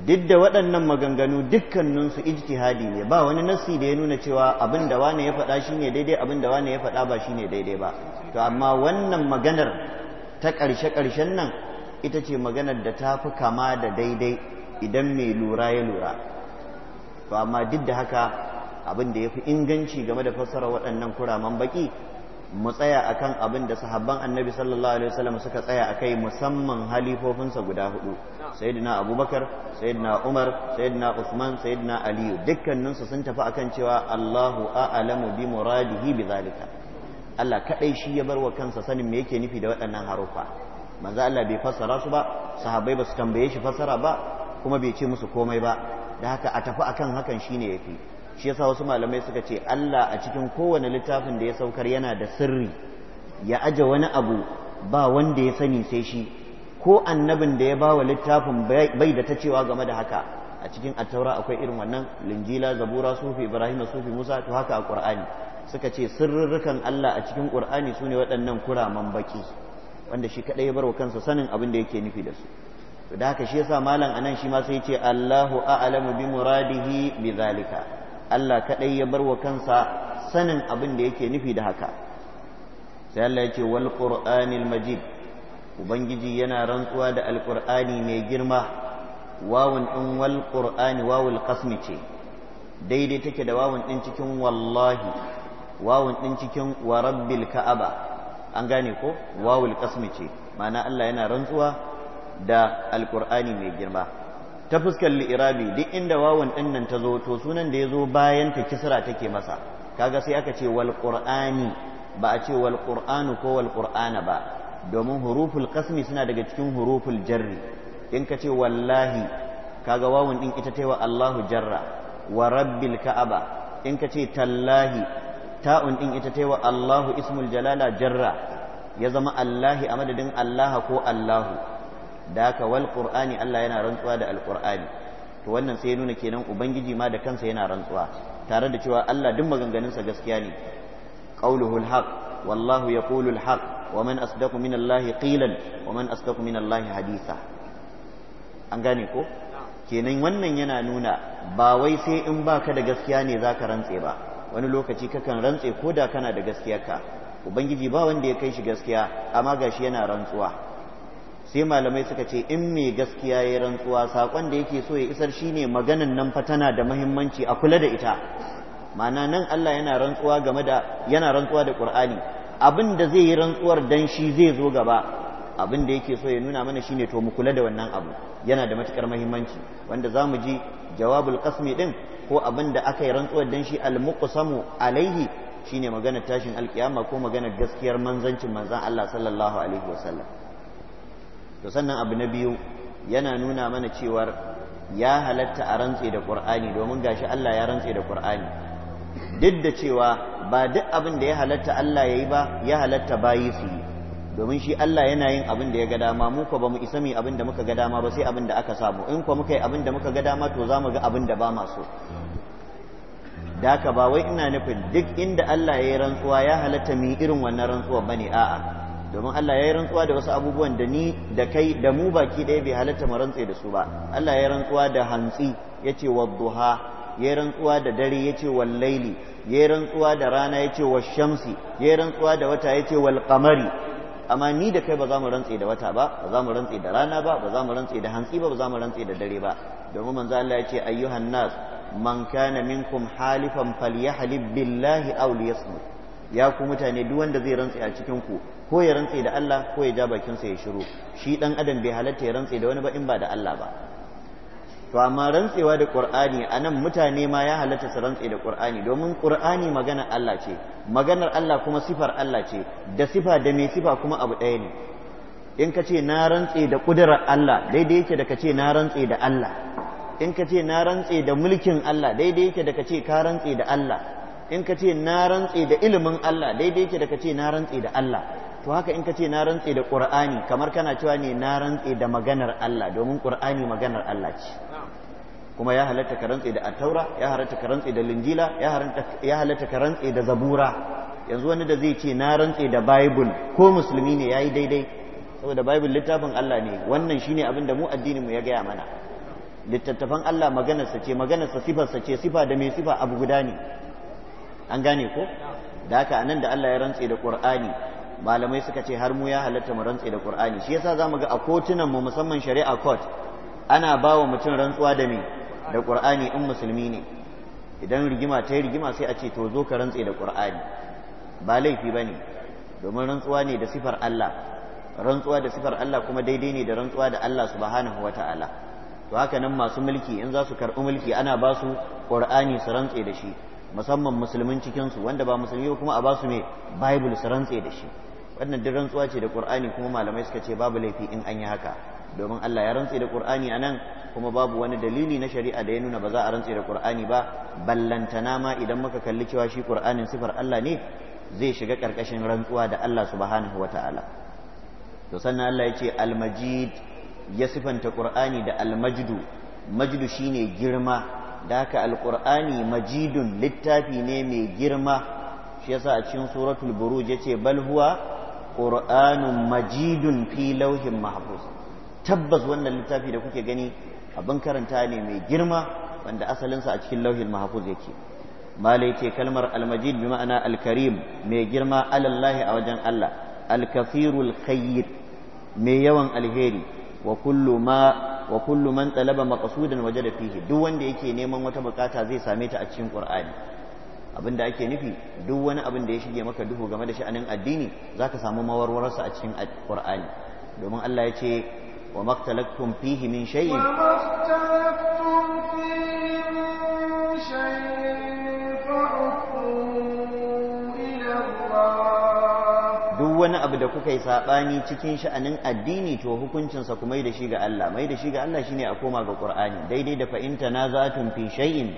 duk da waɗannan maganganu dukkaninsu ijtihadi ne ba wani nassi da ya nuna cewa abin da wane ya faɗa shine daidai abin da wane ya faɗa ba shine daidai ba to amma wannan maganar ta ƙarshe ƙarshen nan ita ce maganar da ta fi kama da daidai idan mai lura ya lura to amma duk da haka abin da ya fi inganci game da fassara waɗannan kuraman baki mu tsaya akan abin da sahabban annabi sallallahu alaihi wasallam suka tsaya akai musamman halifofinsa guda hudu sayyidina abubakar sayyidina umar sayyidina usman sayyidina aliyu dukkaninsu sun tafi akan cewa allahu a'lamu bi muradihi bi zalika allah kadai shi ya bar wa kansa sanin me yake nufi da waɗannan harufa manzo allah bai fassara su ba sahabai ba su tambaye shi fassara ba kuma bai ce musu komai ba da haka a tafi akan hakan shine yafi shi yasa wasu malamai suka ce Allah a cikin kowane littafin da ya saukar yana da sirri ya aje wani abu ba wanda ya sani sai shi ko annabin da ya ba wa littafin bai da ta cewa game da haka a cikin attaura akwai irin wannan linjila zabura sufi ibrahim sufi musa to haka a qur'ani suka ce sirrirrukan Allah a cikin qur'ani sune waɗannan kuraman baki wanda shi kadai ya barwa kansa sanin abin da yake nufi da su to da haka shi yasa malam anan shi ma sai ya ce Allahu a'lamu bi muradihi bi zalika Allah kaɗai ya bar wa kansa sanin abin da yake nufi da haka sai Allah ya ce wal qur'anil majid ubangiji yana rantsuwa da alqur'ani mai girma wawun din wal qur'ani wawul qasmi ce daidai take da wawun din cikin wallahi wawun din cikin wa rabbil ka'aba an gane ko wawul qasmi ce ma'ana Allah yana rantsuwa da alqur'ani mai girma ta fuskar li'irabi duk inda wawan din nan ta zo to sunan da ya zo bayan ta kisra take masa kaga sai aka ce wal qur'ani ba a ce wal qur'anu ko wal qur'ana ba domin huruful qasmi suna daga cikin huruful jarri in ka ce wallahi kaga wawan din ita ta wa Allahu jarra wa rabbil ka'aba in ka ce tallahi ta'un din ita ta wa Allahu ismul jalala jarra ya zama Allahi a madadin Allaha ko Allahu da haka wal qur'ani Allah yana rantsuwa da alqur'ani to wannan sai ya nuna kenan ubangiji ma da kansa yana rantsuwa tare da cewa Allah duk maganganunsa gaskiya ne qawluhu alhaq wallahu yaqulu alhaq wa man asdaqu min allahi qilan wa man asdaqu min allahi haditha an gane ko kenan wannan yana nuna ba wai sai in baka da gaskiya ne zaka rantse ba wani lokaci kakan rantse ko da kana da gaskiyarka ubangiji ba wanda ya kai shi gaskiya amma gashi yana rantsuwa sai malamai suka ce in mai gaskiya ya rantsuwa sakon da yake so ya isar shine maganan nan fatana da mahimmanci a kula da ita Mana nan Allah yana rantsuwa game da yana rantsuwa da Qur'ani abin da zai yi rantsuwar dan shi zai zo gaba abin da yake so ya nuna mana shine to mu kula da wannan abu yana da matukar mahimmanci. wanda zamu ji jawabul qasmi din ko abin da aka yi rantsuwar dan shi al muqsamu alaihi shine maganar tashin alkiyama ko maganar gaskiyar manzancin manzan Allah sallallahu alaihi wasallam to sannan abu na biyu yana nuna mana cewar ya halatta a rantse da ƙur'ani domin gashi Allah ya rantse da ƙur'ani duk da cewa ba duk abin da ya halatta Allah ya yi ba ya halatta bayi su yi domin shi Allah yana yin abin da ya ga dama mu ko ba mu isa mu abin da muka ga dama ba sai abin da aka samu in ko muka yi abin da muka ga dama to za mu ga abin da ba ma da haka ba wai ina nufin duk inda Allah ya yi rantsuwa ya halatta mu irin wannan rantsuwa bane a'a domin Allah ya yi rantsuwa da wasu abubuwan da ni da kai da mu baki ɗaya bai halatta mu rantse da su ba Allah ya yi rantsuwa da hantsi yace wadduha ya yi rantsuwa da dare yace wa laili ya yi rantsuwa da rana yace wa shamsi ya yi rantsuwa da wata yace wa amma ni da kai ba za mu rantse da wata ba ba za mu rantse da rana ba ba za mu rantse da hantsi ba ba za mu rantse da dare ba domin manzo Allah ya ce ayyuhan nas man kana minkum halifan falyahlib billahi aw liyasmut ya ku mutane duk wanda zai rantse a cikin ku ko ya rantse da Allah ko ya ja bakinsa ya shiru shi dan adam bai halatta ya rantse da wani ba in ba da Allah ba to amma rantsewa da Qur'ani anan mutane ma ya halatta su rantse da Qur'ani domin Qur'ani maganar Allah ce maganar Allah kuma sifar Allah ce da sifa da mai sifa kuma abu ɗaya ne in ka ce na rantse da ƙudurar Allah daidai yake da ka ce na rantse da Allah in ka ce na rantse da mulkin Allah daidai yake da ka ce ka rantse da Allah in ka ce na rantse da ilimin Allah daidai yake da ka ce na rantse da Allah to haka in ka ce na rantse da ƙur'ani kamar kana cewa ne na rantse da maganar Allah domin ƙur'ani maganar Allah ce kuma ya halatta ka rantse da attaura ya halatta ka rantse da linjila ya halatta ka rantse da zabura yanzu wani da zai ce na rantse da bible ko musulmi ne yayi daidai saboda bible littafin Allah ne wannan shine abin da mu addinin mu ya gaya mana littattafan Allah maganarsa ce maganarsa sifarsa ce sifa da mai sifa abu guda ne an gane ko da haka anan da Allah ya rantse da Qur'ani malamai suka ce har mu ya halatta mu rantse da qur'ani shi yasa zamu ga a kotunan mu musamman shari'a court ana ba wa mutum rantsuwa da me da qur'ani in musulmi ne idan rigima ta rigima sai a ce to zo ka rantse da qur'ani ba laifi bane domin rantsuwa ne da sifar Allah rantsuwa da sifar Allah kuma daidai ne da rantsuwa da Allah subhanahu wataala to haka nan masu mulki in za su karɓi mulki ana ba su qur'ani su rantse da shi musamman musulmin cikinsu wanda ba musulmi ba kuma a ba su ne bible su rantse da shi wannan duk rantsuwa ce da qur'ani kuma malamai suka ce babu laifi in an yi haka domin Allah ya rantse da qur'ani anan kuma babu wani dalili na shari'a da ya nuna ba za a rantse da qur'ani ba ballantana ma idan muka kalli cewa shi qur'anin sifar Allah ne zai shiga karkashin rantsuwa da Allah subhanahu wataala to sannan Allah ya ce al-majid ya sifanta qur'ani da al majdu shine girma da haka alqur'ani majidun littafi ne mai girma shi yasa a cikin suratul buruj yace bal huwa qur'anun majidun fi lauhin mahfuz tabbas wannan littafi da kuke gani abin karanta ne mai girma wanda asalinsa a cikin lauhin mahfuz yake malai ce kalmar almajid bi ma'ana alkarim mai girma alallahi a wajen Allah alkafirul khayyir mai yawan alheri wa kullu ma wa kullu man talaba maqsudan wajada fihi duk wanda yake neman wata bukata zai same ta a cikin qur'ani abin da ake nufi duk wani abin da ya shige maka duhu game da sha'anin addini za ka samu mawarwararsa a cikin qur'ani domin Allah ya ce wa maktalaktum fihi min shay'in duk wani abu da kuka yi saɓani cikin sha'anin addini to hukuncinsa ku mai da shi ga Allah mai da shi ga Allah shine a koma ga Qur'ani daidai da fa'inta na za fi shay'in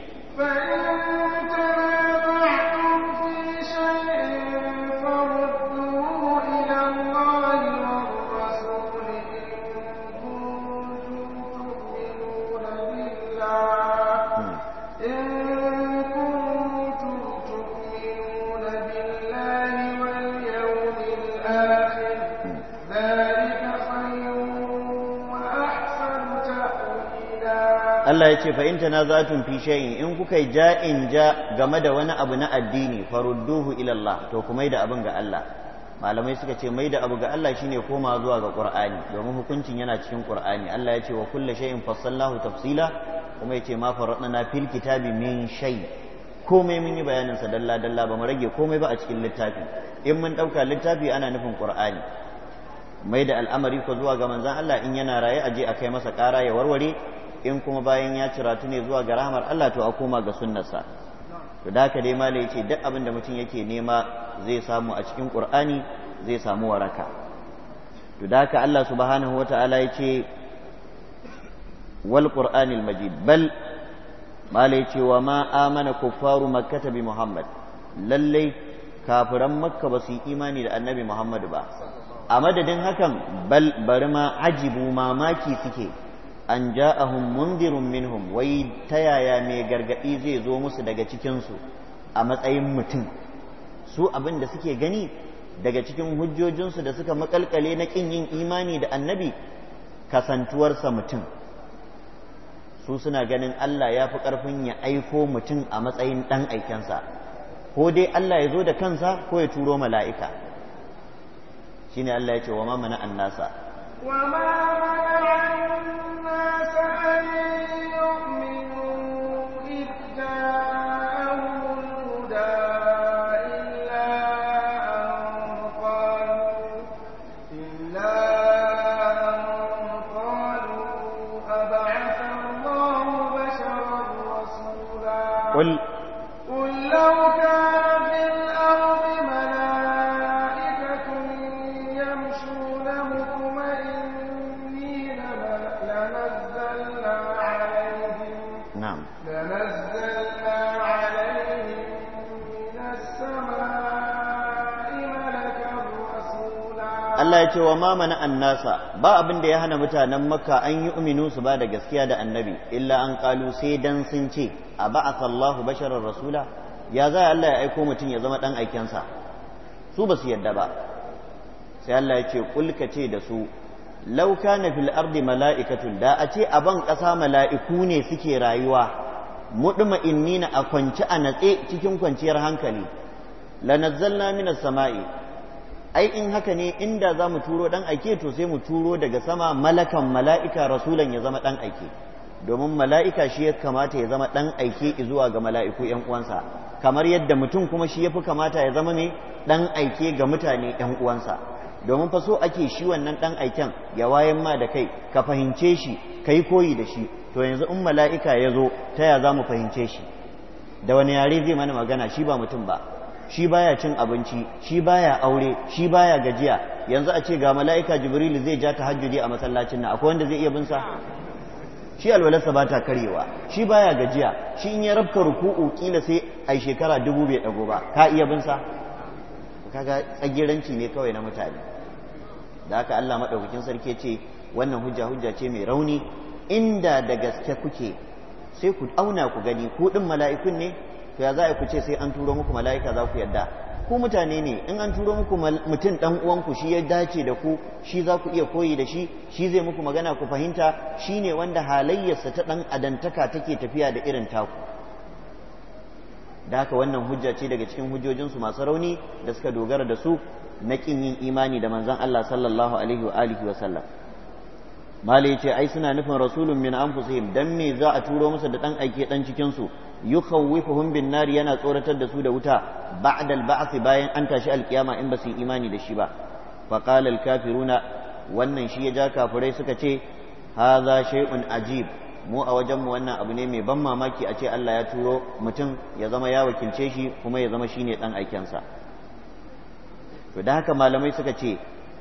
Allah ya ce fa in tanaza'tum fi shay'in in kuka ja in ja game da wani abu na addini farudduhu ila Allah to ku maida abin ga Allah malamai suka ce maida abu ga Allah shine koma zuwa ga Qur'ani domin hukuncin yana cikin Qur'ani Allah ya ce wa kullu shay'in fassalahu tafsila kuma ya ce ma faradna fil kitabi min shay komai mun yi bayanin sa dalla dalla ba mu rage komai ba a cikin littafi in mun dauka littafi ana nufin Qur'ani mai da al'amari ko zuwa ga manzan Allah in yana raye aje a kai masa ƙara ya warware in kuma bayan ya ciratu ne zuwa ga rahamar Allah to a koma ga sunnarsa to da haka dai malai yace duk abin da mutum yake nema zai samu a cikin Qur'ani zai samu waraka to da haka Allah subhanahu wata'ala yace wal Qur'anil Majid bal malai yace wa ma amana kuffaru makkata bi Muhammad lallai kafiran makka ba su yi imani da annabi Muhammad ba a madadin hakan bal bari ma ajibu mamaki suke an ja'ahum mundirun minhum wai ta yaya mai gargaɗi zai zo musu daga cikinsu a matsayin mutum su abin da suke gani daga cikin hujjojinsu da suka makalkale na ƙin yin imani da annabi kasantuwarsa mutum su suna ganin Allah ya fi ƙarfin ya aiko mutum a matsayin ɗan aikensa ko dai Allah ya zo da kansa ko ya turo mala'ika shi ne Allah ya ce wa ma mana annasa ce wa ma mana annasa ba abin da ya hana mutanen makka an yi uminu su ba da gaskiya da annabi illa an kalu sai dan sun ce a ba'a Allahu basharar rasula ya za Allah ya aiko mutum ya zama dan aikensa su ba su yadda ba sai Allah ya ce kulka ce da su lauka kana fil ardi mala'ikatun da a ce a ban ƙasa mala'iku ne suke rayuwa mudma innina a kwanci a natse cikin kwanciyar hankali lanazzalna minas sama'i ai in haka ne inda za mu turo dan aike to sai mu turo daga sama malakan mala'ika rasulan ya zama dan aike domin mala'ika shi ya kamata ya zama dan aike zuwa ga mala'iku yan uwansa kamar yadda mutum kuma shi ya fi kamata ya zama mai dan aike ga mutane yan uwansa domin fa so ake shi wannan dan aiken ya wayan ma da kai ka fahimce shi kai koyi da shi to yanzu in mala'ika ya zo ta ya za mu fahimce shi da wani yare zai mana magana shi ba mutum ba shi baya cin abinci shi baya aure shi baya gajiya yanzu a ce ga mala'ika jibril zai ja ta tahajjudi a masallacin nan akwai wanda zai iya bin sa shi alwalarsa ba ta karewa shi baya gajiya shi in ya rabka ruku'u kila sai a shekara dubu bai dago ba ka iya bin sa kaga tsagiranci ne kawai na mutane da haka Allah madaukakin sarki ce wannan hujja hujja ce mai rauni inda da gaske kuke sai ku auna ku gani ku din mala'ikun ne to ya za a ku ce sai an turo muku mala'ika za ku yadda ku mutane ne in an turo muku mutum dan uwanku shi ya dace da ku shi za ku iya koyi da shi shi zai muku magana ku fahimta shi ne wanda halayyarsa ta dan adantaka take tafiya da irin taku da haka wannan hujja ce daga cikin hujjojinsu masu rauni da suka dogara da su na kin yin imani da manzon Allah sallallahu alaihi wa alihi wa sallam mali ce ai suna nufin rasulun min anfusihim dan me za a turo musu da dan aike dan cikin su yukhawifuhum bin nar yana tsoratar da su da wuta ba'da al bayan an tashi alkiyama in ba su imani da shi ba fa qala al wannan shi ya ja kafirai suka ce hadha shay'un ajib mu a wajen mu wannan abu ne mai ban mamaki a ce Allah ya turo mutum ya zama ya wakilce shi kuma ya zama shine dan aikensa to da haka malamai suka ce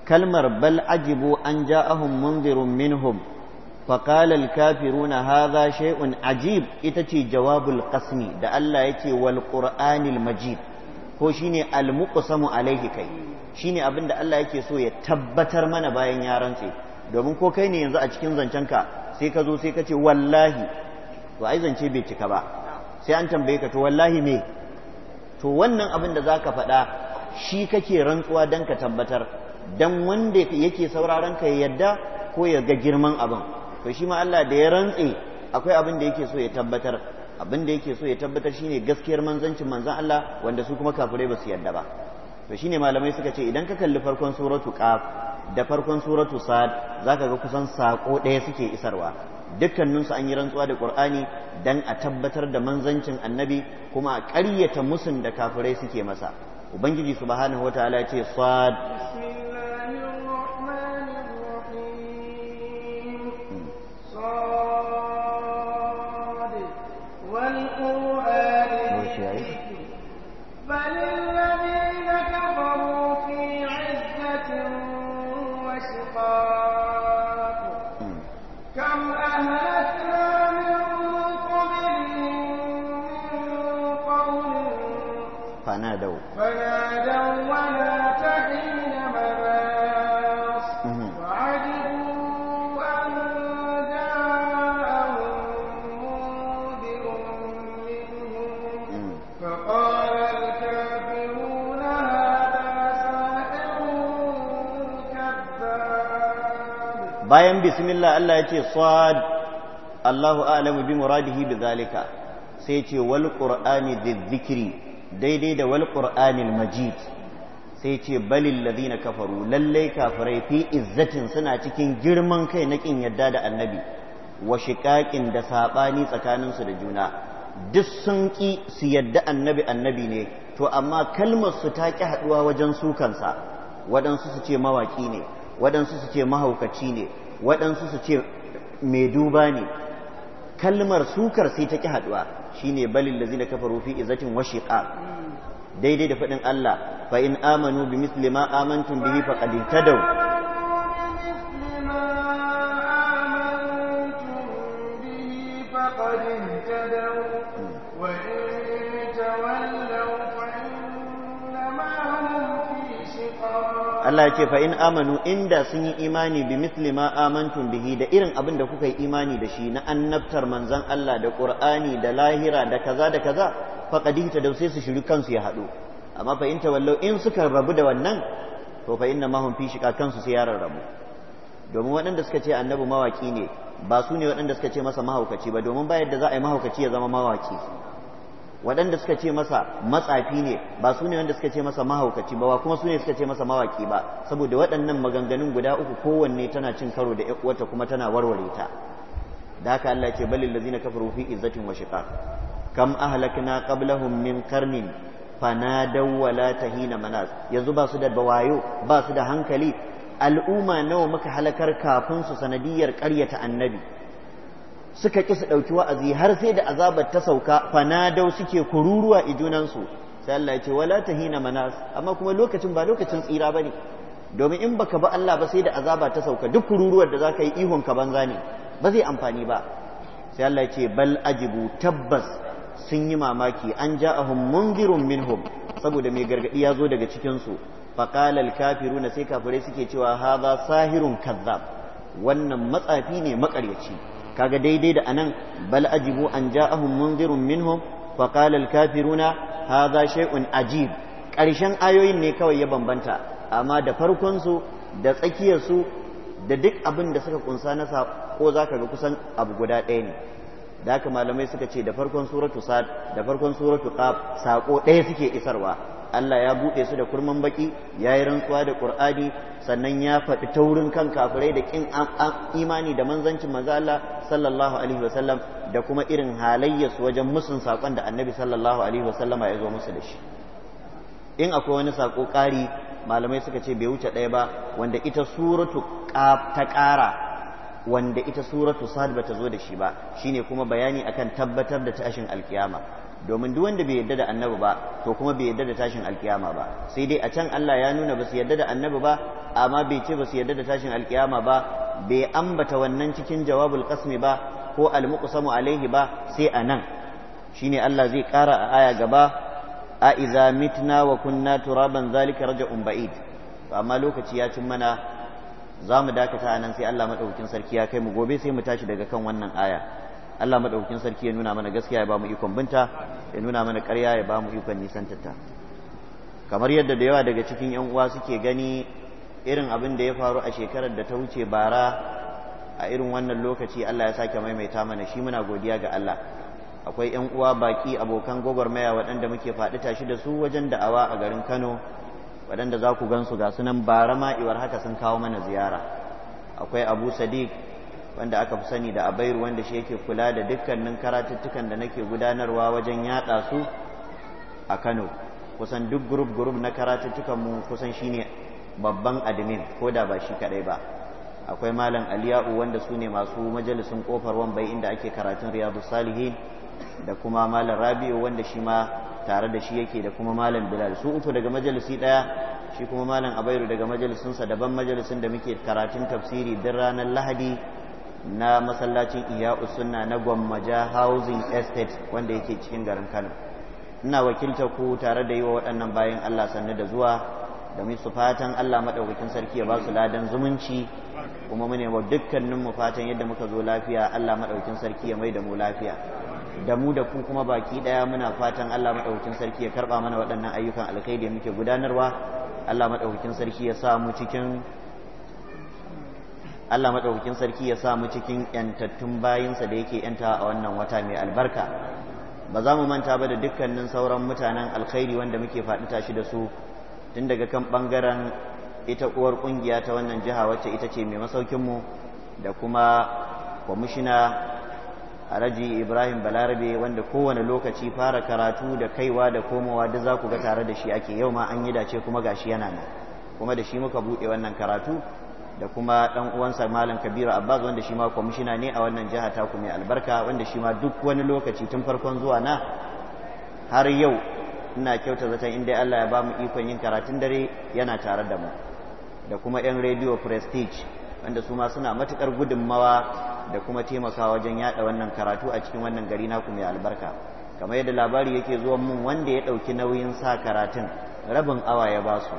kalmar bal ajibu an ja'ahum munzirun minhum فقال الكافرون هذا شيء عجيب إتتي جواب القسم da Allah yake walƙur'anil المجيد ko shine almuqsamu alaihi kai shine abin da Allah yake so ya tabbatar mana bayan ya rantse domin ko kai ne yanzu a cikin zancen ka sai ka zo sai ka ce wallahi to ai bai cika ba sai an tambaye ka to wallahi me to wannan abin da zaka faɗa shi kake rantsuwa dan ka tabbatar dan wanda yake sauraron ka ya yadda ko ya ga girman abin to shi ma Allah da ya rantse akwai abin da yake so ya tabbatar abin da yake so ya tabbatar shine gaskiyar manzancin manzan Allah wanda su kuma kafirai ba su yarda ba to shine malamai suka ce idan ka kalli farkon suratu qaf da farkon suratu sad zaka ga kusan sako ɗaya suke isarwa dukkaninsu an yi rantsuwa da qur'ani dan a tabbatar da manzancin annabi kuma a ƙaryata musun da kafirai suke masa ubangiji subhanahu wataala ya ce sad bayan bismillah Allah ya ce sad Allahu a'lamu bi muradihi bi zalika sai ce wal qur'ani dhikri daidai da wal qur'anil majid sai ce balil ladina kafaru lallai kafirai fi izzatin suna cikin girman kai na kin yadda da annabi wa shiqaqin da sabani tsakaninsu da juna duk sun ƙi su yadda annabi annabi ne to amma kalmar su ta ƙi haɗuwa wajen sukansa waɗansu su ce mawaƙi ne waɗansu su ce mahaukaci ne waɗansu su ce mai duba ne kalmar sukar sai ta ƙi haɗuwa shine balil lazina kafa rufi izzatin wa shiqaq daidai da faɗin Allah fa in amanu bi misli Allah ya ce fa in amanu inda sun yi imani bi misli ma amantum bihi da irin abin da kuka yi imani da shi na annabtar manzon Allah da Qur'ani da lahira da kaza da kaza faqad ta sai su shiru kansu ya haɗu amma fa in tawallau in suka rabu da wannan to fa inna mahum fi shika kansu sai ya rarrabu domin waɗanda suka ce annabi mawaki ne ba su ne waɗanda suka ce masa mahaukaci ba domin ba yadda za a yi mahaukaci ya zama mawaki waɗanda suka ce masa matsafi ne ba su ne wanda suka ce masa mahaukaci ba kuma su ne suka ce masa mawaki ba saboda waɗannan maganganun guda uku kowanne tana cin karo da wata kuma tana warware ta da haka Allah ce balil ladzina kafaru fi izzatin wa shiqaq kam ahlakna qablahum min qarnin fanadaw wala tahina manas yanzu ba su da bawayo ba su da hankali al'umma nawa muka halakar kafin su sanadiyar ƙaryata annabi suka ƙi su ɗauki wa'azi har sai da azabar ta sauka fanadau suke kururuwa ijunansu. junansu sai Allah ya ce wala tahina manas amma kuma lokacin ba lokacin tsira ne. domin in baka ba Allah ba sai da azaba ta sauka duk kururuwar da zaka yi ihun ka banza ne ba zai amfani ba sai Allah ya ce bal ajibu tabbas sun yi mamaki an ja a ja'ahum min minhum saboda mai gargadi ya zo daga cikin su al kafiruna sai kafirai suke cewa hadha sahirun kazzab wannan matsafi ne makaryaci kaga daidai da anan bal ajibu an ja'ahum munzirun minhum fa qala al kafiruna hadha shay'un ajib karshen ayoyin ne kawai ya bambanta amma da farkon su da tsakiyar su da duk abin da suka kunsa na ko zaka ga kusan abu guda ɗaya ne da haka malamai suka ce da farkon suratu sad da farkon suratu qaf sako ɗaya suke isarwa Allah ya buɗe su da kurman baki ya yi rantsuwa da Qur'ani sannan ya faɗi taurin kan kafirai da kin imani da manzancin maza Allah sallallahu alaihi wasallam da kuma irin halayyarsu wajen musun sakon da Annabi sallallahu alaihi wasallam ya zo musu da shi in akwai wani sako ƙari malamai suka ce bai wuce ɗaya ba wanda ita suratu ta ƙara wanda ita suratu sad bata zo da shi ba shine kuma bayani akan tabbatar da tashin alkiyama domin duk wanda bai yarda da annabi ba to kuma bai yarda da tashin alkiyama ba sai dai a can Allah ya nuna ba su yarda da annabi ba amma bai ce ba su yarda da tashin alkiyama ba bai ambata wannan cikin jawabul qasmi ba ko almuqsamu alaihi ba sai anan shine Allah zai kara a aya gaba a iza mitna wa kunna turaban zalika raj'un ba'id amma lokaci ya cin mana za mu dakata anan sai Allah madaukakin sarki ya kai mu gobe sai mu tashi daga kan wannan aya Allah madaukakin sarki ya nuna mana gaskiya ya bamu ikon binta ya nuna mana ƙarya ya bamu mu ikon nisantarta kamar yadda da yawa daga cikin yan uwa suke gani irin abin da ya faru a shekarar da ta wuce bara a irin wannan lokaci Allah ya sake maimaita mana shi muna godiya ga Allah akwai yan uwa baki abokan gwagwarmaya waɗanda muke faɗi tashi da su wajen da'awa a garin Kano waɗanda za ku gansu ga sunan bara ma iwar haka sun kawo mana ziyara akwai Abu Sadiq wanda aka fi sani da abairu wanda shi yake kula da dukkanin karatuttukan da nake gudanarwa wajen yaɗa su a kano kusan duk gurub gurub na karatuttukan mu kusan shi ne babban admin ko da ba shi kadai ba akwai malam aliya'u wanda su ne masu majalisun kofar wambai inda ake karatun riyadu salihin da kuma malam rabi'u wanda shi ma tare da shi yake da kuma malam bilal su uku daga majalisi ɗaya shi kuma malam abairu daga majalisunsa daban majalisin da muke karatun tafsiri duk ranar lahadi na masallacin iya'u sunna na gwammaja housing estate wanda yake cikin garin kano ina wakilta ku tare da yi wa waɗannan bayan allah sannu da zuwa domin su fatan allah maɗaukakin sarki ya ba su ladan zumunci kuma mu wa dukkanin mu fatan yadda muka zo lafiya allah maɗaukakin sarki ya mai da mu lafiya da mu da ku kuma baki ɗaya muna fatan allah maɗaukakin sarki ya karɓa mana waɗannan ayyukan alkhairi da muke gudanarwa allah maɗaukakin sarki ya sa mu cikin Allah maɗaukakin sarki ya sa mu cikin ‘yantattun bayinsa da yake ‘yanta a wannan wata mai albarka ba za mu manta ba da dukkanin sauran mutanen alkhairi wanda muke faɗi tashi da su tun daga kan ɓangaren ita uwar ƙungiya ta wannan jiha wacce ita ce mai masaukinmu da kuma kwamishina alhaji ibrahim balarabe wanda kowane lokaci fara karatu da kaiwa da komowa duk za ku ga tare da shi ake yau ma an yi dace kuma gashi yana nan kuma da shi muka buɗe wannan karatu da kuma ɗan uwansa malam kabiru abbas wanda shi ma kwamishina ne a wannan jiha ta mai albarka wanda shi ma duk wani lokaci tun farkon zuwa na har yau ina kyauta zaton inda allah ya ba mu ikon yin karatun dare yana tare da mu da kuma yan radio prestige wanda su ma suna matuƙar gudunmawa da kuma taimakawa wajen yada wannan karatu a cikin wannan gari naku mai albarka kamar yadda labari yake zuwa mun wanda ya ɗauki nauyin sa karatun rabin awa ya ba su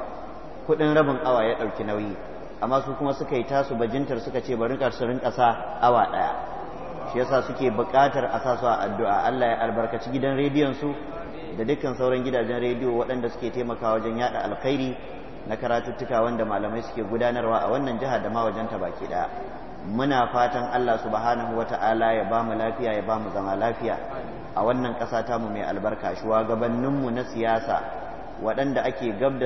kuɗin rabin awa ya ɗauki nauyi amma su kuma suka yi tasu bajintar suka ce bari su rinka sa awa ɗaya shi yasa suke buƙatar a sa su a addu'a Allah ya albarkaci gidan rediyon su da dukkan sauran gidajen rediyo waɗanda suke taimakawa wajen yaɗa alkhairi na karatuttuka wanda malamai suke gudanarwa a wannan jihar da ma wajen ta baki ɗaya muna fatan Allah subhanahu wata'ala ya ba mu lafiya ya ba mu zama lafiya a wannan ƙasa mu mai albarka shugabanninmu na siyasa waɗanda ake gab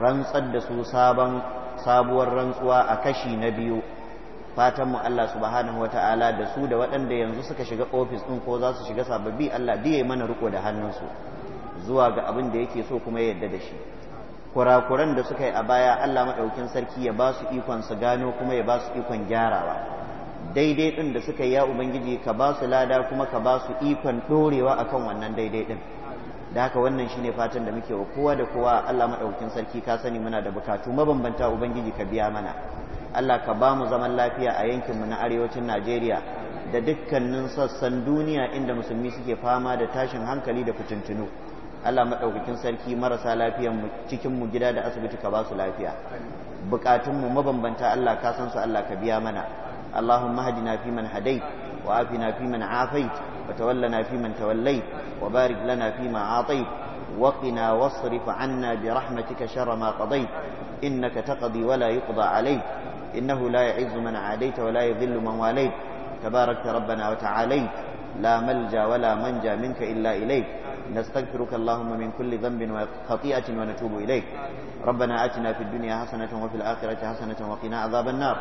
rantsar da su sabon sabuwar rantsuwa a kashi na biyu fatanmu Allah subhanahu wata'ala da su da waɗanda yanzu suka shiga ofis ɗin ko za su shiga sababbi Allah diye mana riko da hannunsu zuwa ga abin da yake so kuma yadda da shi kurakuran da suka yi a baya Allah maɗaukin sarki ya ba su ikon su gano kuma ya ba su ikon gyarawa daidai ɗin da suka yi ya ubangiji ka ba su lada kuma ka ba su ikon ɗorewa akan wannan daidai ɗin da haka wannan shi ne fatan da muke wa kowa da kowa Allah maɗaukin sarki ka sani muna da bukatu mabambanta ubangiji ka biya mana Allah ka ba mu zaman lafiya a yankinmu na arewacin Najeriya da dukkanin sassan duniya inda musulmi suke fama da tashin hankali da fitintinu Allah maɗaukin sarki marasa lafiyan mu cikin mu gida da asibiti ka ba su lafiya bukatun mu mabambanta Allah ka san su Allah ka biya mana fi man hadait wa afina fi man afait. وتولنا فيمن توليت وبارك لنا فيما أعطيت وقنا واصرف عنا برحمتك شر ما قضيت إنك تقضي ولا يقضى عليك إنه لا يعز من عاديت ولا يذل من واليت تباركت ربنا وتعاليت لا ملجا ولا منجا منك إلا إليك نستغفرك اللهم من كل ذنب وخطيئة ونتوب إليك ربنا آتنا في الدنيا حسنة وفي الآخرة حسنة وقنا عذاب النار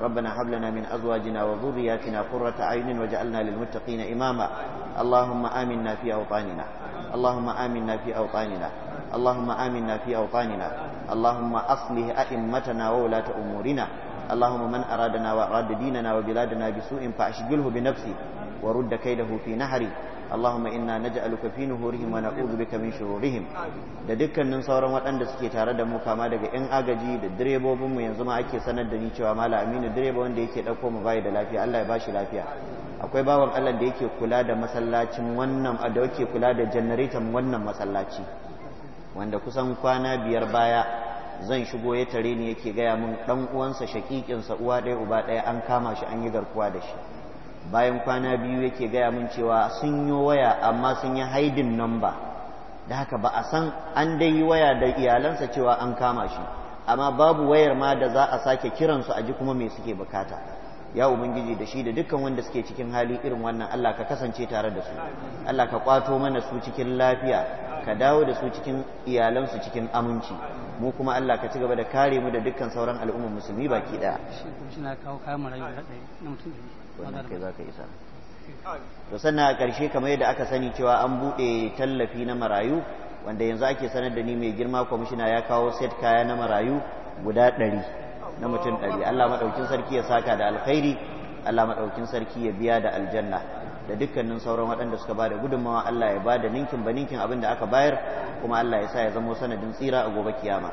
ربنا هب لنا من أزواجنا وذرياتنا قرة عين واجعلنا للمتقين إماما اللهم آمنا في أوطاننا اللهم آمنا في أوطاننا اللهم آمنا في أوطاننا اللهم أصلح أئمتنا وولاة أمورنا اللهم من أرادنا وأراد ديننا وبلادنا بسوء فأشغله بنفسي ورد كيده في نحري Allahumma inna naj'aluka fi nuhurihim wa na'udhu bika min shururihim da dukkanin sauran waɗanda suke tare da mu kama daga yan agaji da direbobin yanzu ma ake sanar da ni cewa mala aminu direba wanda yake dauko mu bai da lafiya Allah ya bashi lafiya akwai bawan Allah da yake kula da masallacin wannan da yake kula da janareton wannan masallaci wanda kusan kwana biyar baya zan shigo ya tare ni yake gaya mun dan uwansa shaƙiƙinsa uwa ɗaya uba ɗaya an kama shi an yi garkuwa da shi bayan kwana biyu yake gaya mun cewa sun yi waya amma sun yi haidin namba da haka ba a san an dai yi waya da iyalansa cewa an kama shi amma babu wayar ma da za a sake kiransu a ji kuma me suke bukata ya ubangiji da shi da dukkan wanda suke cikin hali irin wannan Allah ka kasance tare da su Allah ka kwato mana su cikin lafiya ka dawo da su cikin iyalansu cikin aminci mu kuma Allah ka ci gaba da kare mu da dukkan sauran al'ummar musulmi baki ɗaya. wannan kai za ka isa to sannan a ƙarshe kamar yadda aka sani cewa an buɗe tallafi na marayu wanda yanzu ake sanar da ni mai girma kwamishina ya kawo set kaya na marayu guda ɗari na mutum ɗari Allah maɗaukin sarki ya saka da alkhairi Allah maɗaukin sarki ya biya da aljanna da dukkanin sauran waɗanda suka ba da gudunmawa Allah ya ba da ninkin ba ninkin abin da aka bayar kuma Allah ya sa ya zamo sanadin tsira a gobe kiyama